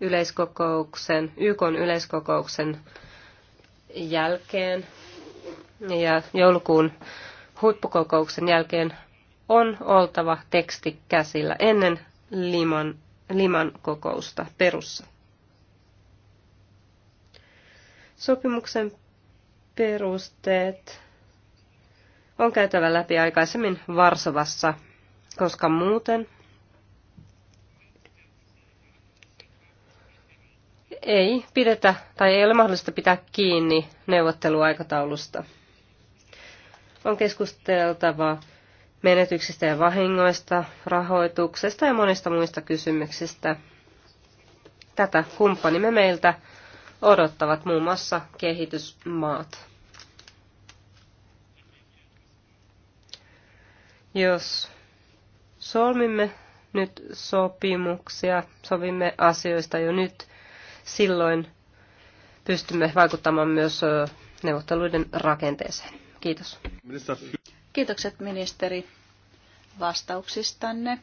yleiskokouksen, YK yleiskokouksen jälkeen ja joulukuun huippukokouksen jälkeen on oltava teksti käsillä ennen Liman, Liman kokousta perussa. Sopimuksen perusteet on käytävä läpi aikaisemmin Varsovassa, koska muuten ei pidetä tai ei ole mahdollista pitää kiinni neuvotteluaikataulusta. On keskusteltava menetyksistä ja vahingoista, rahoituksesta ja monista muista kysymyksistä. Tätä kumppanimme meiltä odottavat muun muassa kehitysmaat. Jos solmimme nyt sopimuksia, sovimme asioista jo nyt, silloin pystymme vaikuttamaan myös neuvotteluiden rakenteeseen. Kiitos. Kiitokset ministeri vastauksistanne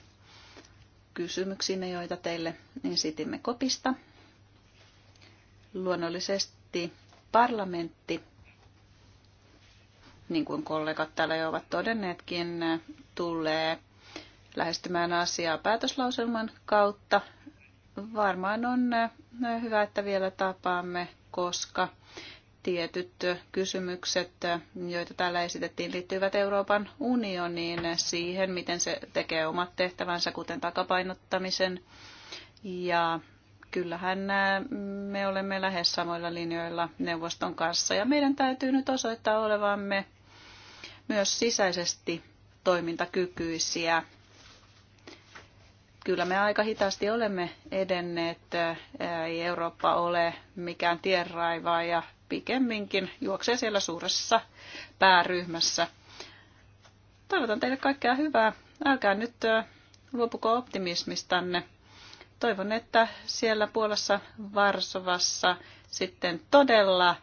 kysymyksiin, joita teille esitimme kopista. Luonnollisesti parlamentti, niin kuin kollegat täällä jo ovat todenneetkin, tulee lähestymään asiaa päätöslauselman kautta varmaan on äh, hyvä, että vielä tapaamme, koska tietyt kysymykset, äh, joita täällä esitettiin, liittyvät Euroopan unioniin äh, siihen, miten se tekee omat tehtävänsä, kuten takapainottamisen. Ja kyllähän me olemme lähes samoilla linjoilla neuvoston kanssa ja meidän täytyy nyt osoittaa olevamme myös sisäisesti toimintakykyisiä kyllä me aika hitaasti olemme edenneet. Ei Eurooppa ole mikään tienraivaa ja pikemminkin juoksee siellä suuressa pääryhmässä. Toivotan teille kaikkea hyvää. Älkää nyt luopuko optimismistanne. Toivon, että siellä Puolassa Varsovassa sitten todella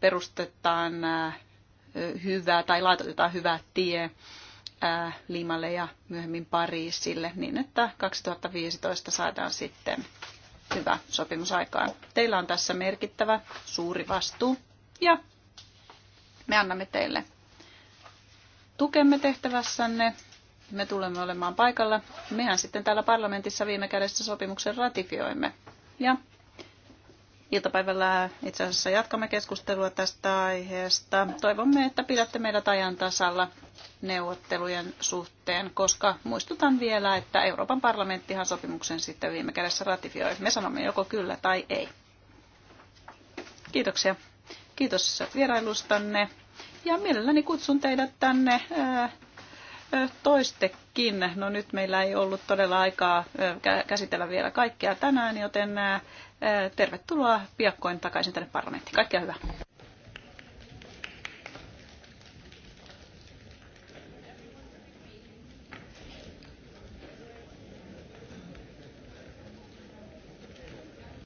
perustetaan hyvää tai laitetaan hyvä tie Limalle ja myöhemmin Pariisille, niin että 2015 saadaan sitten hyvä sopimus aikaan. Teillä on tässä merkittävä suuri vastuu ja me annamme teille tukemme tehtävässänne. Me tulemme olemaan paikalla. Mehän sitten täällä parlamentissa viime kädessä sopimuksen ratifioimme. Ja Iltapäivällä itse asiassa jatkamme keskustelua tästä aiheesta. Toivomme, että pidätte meidät ajan tasalla neuvottelujen suhteen, koska muistutan vielä, että Euroopan parlamenttihan sopimuksen sitten viime kädessä ratifioi. Me sanomme joko kyllä tai ei. Kiitoksia. Kiitos vierailustanne. Ja mielelläni kutsun teidät tänne toistekin. No nyt meillä ei ollut todella aikaa käsitellä vielä kaikkea tänään, joten tervetuloa piakkoin takaisin tänne parlamenttiin. Kaikkea hyvää.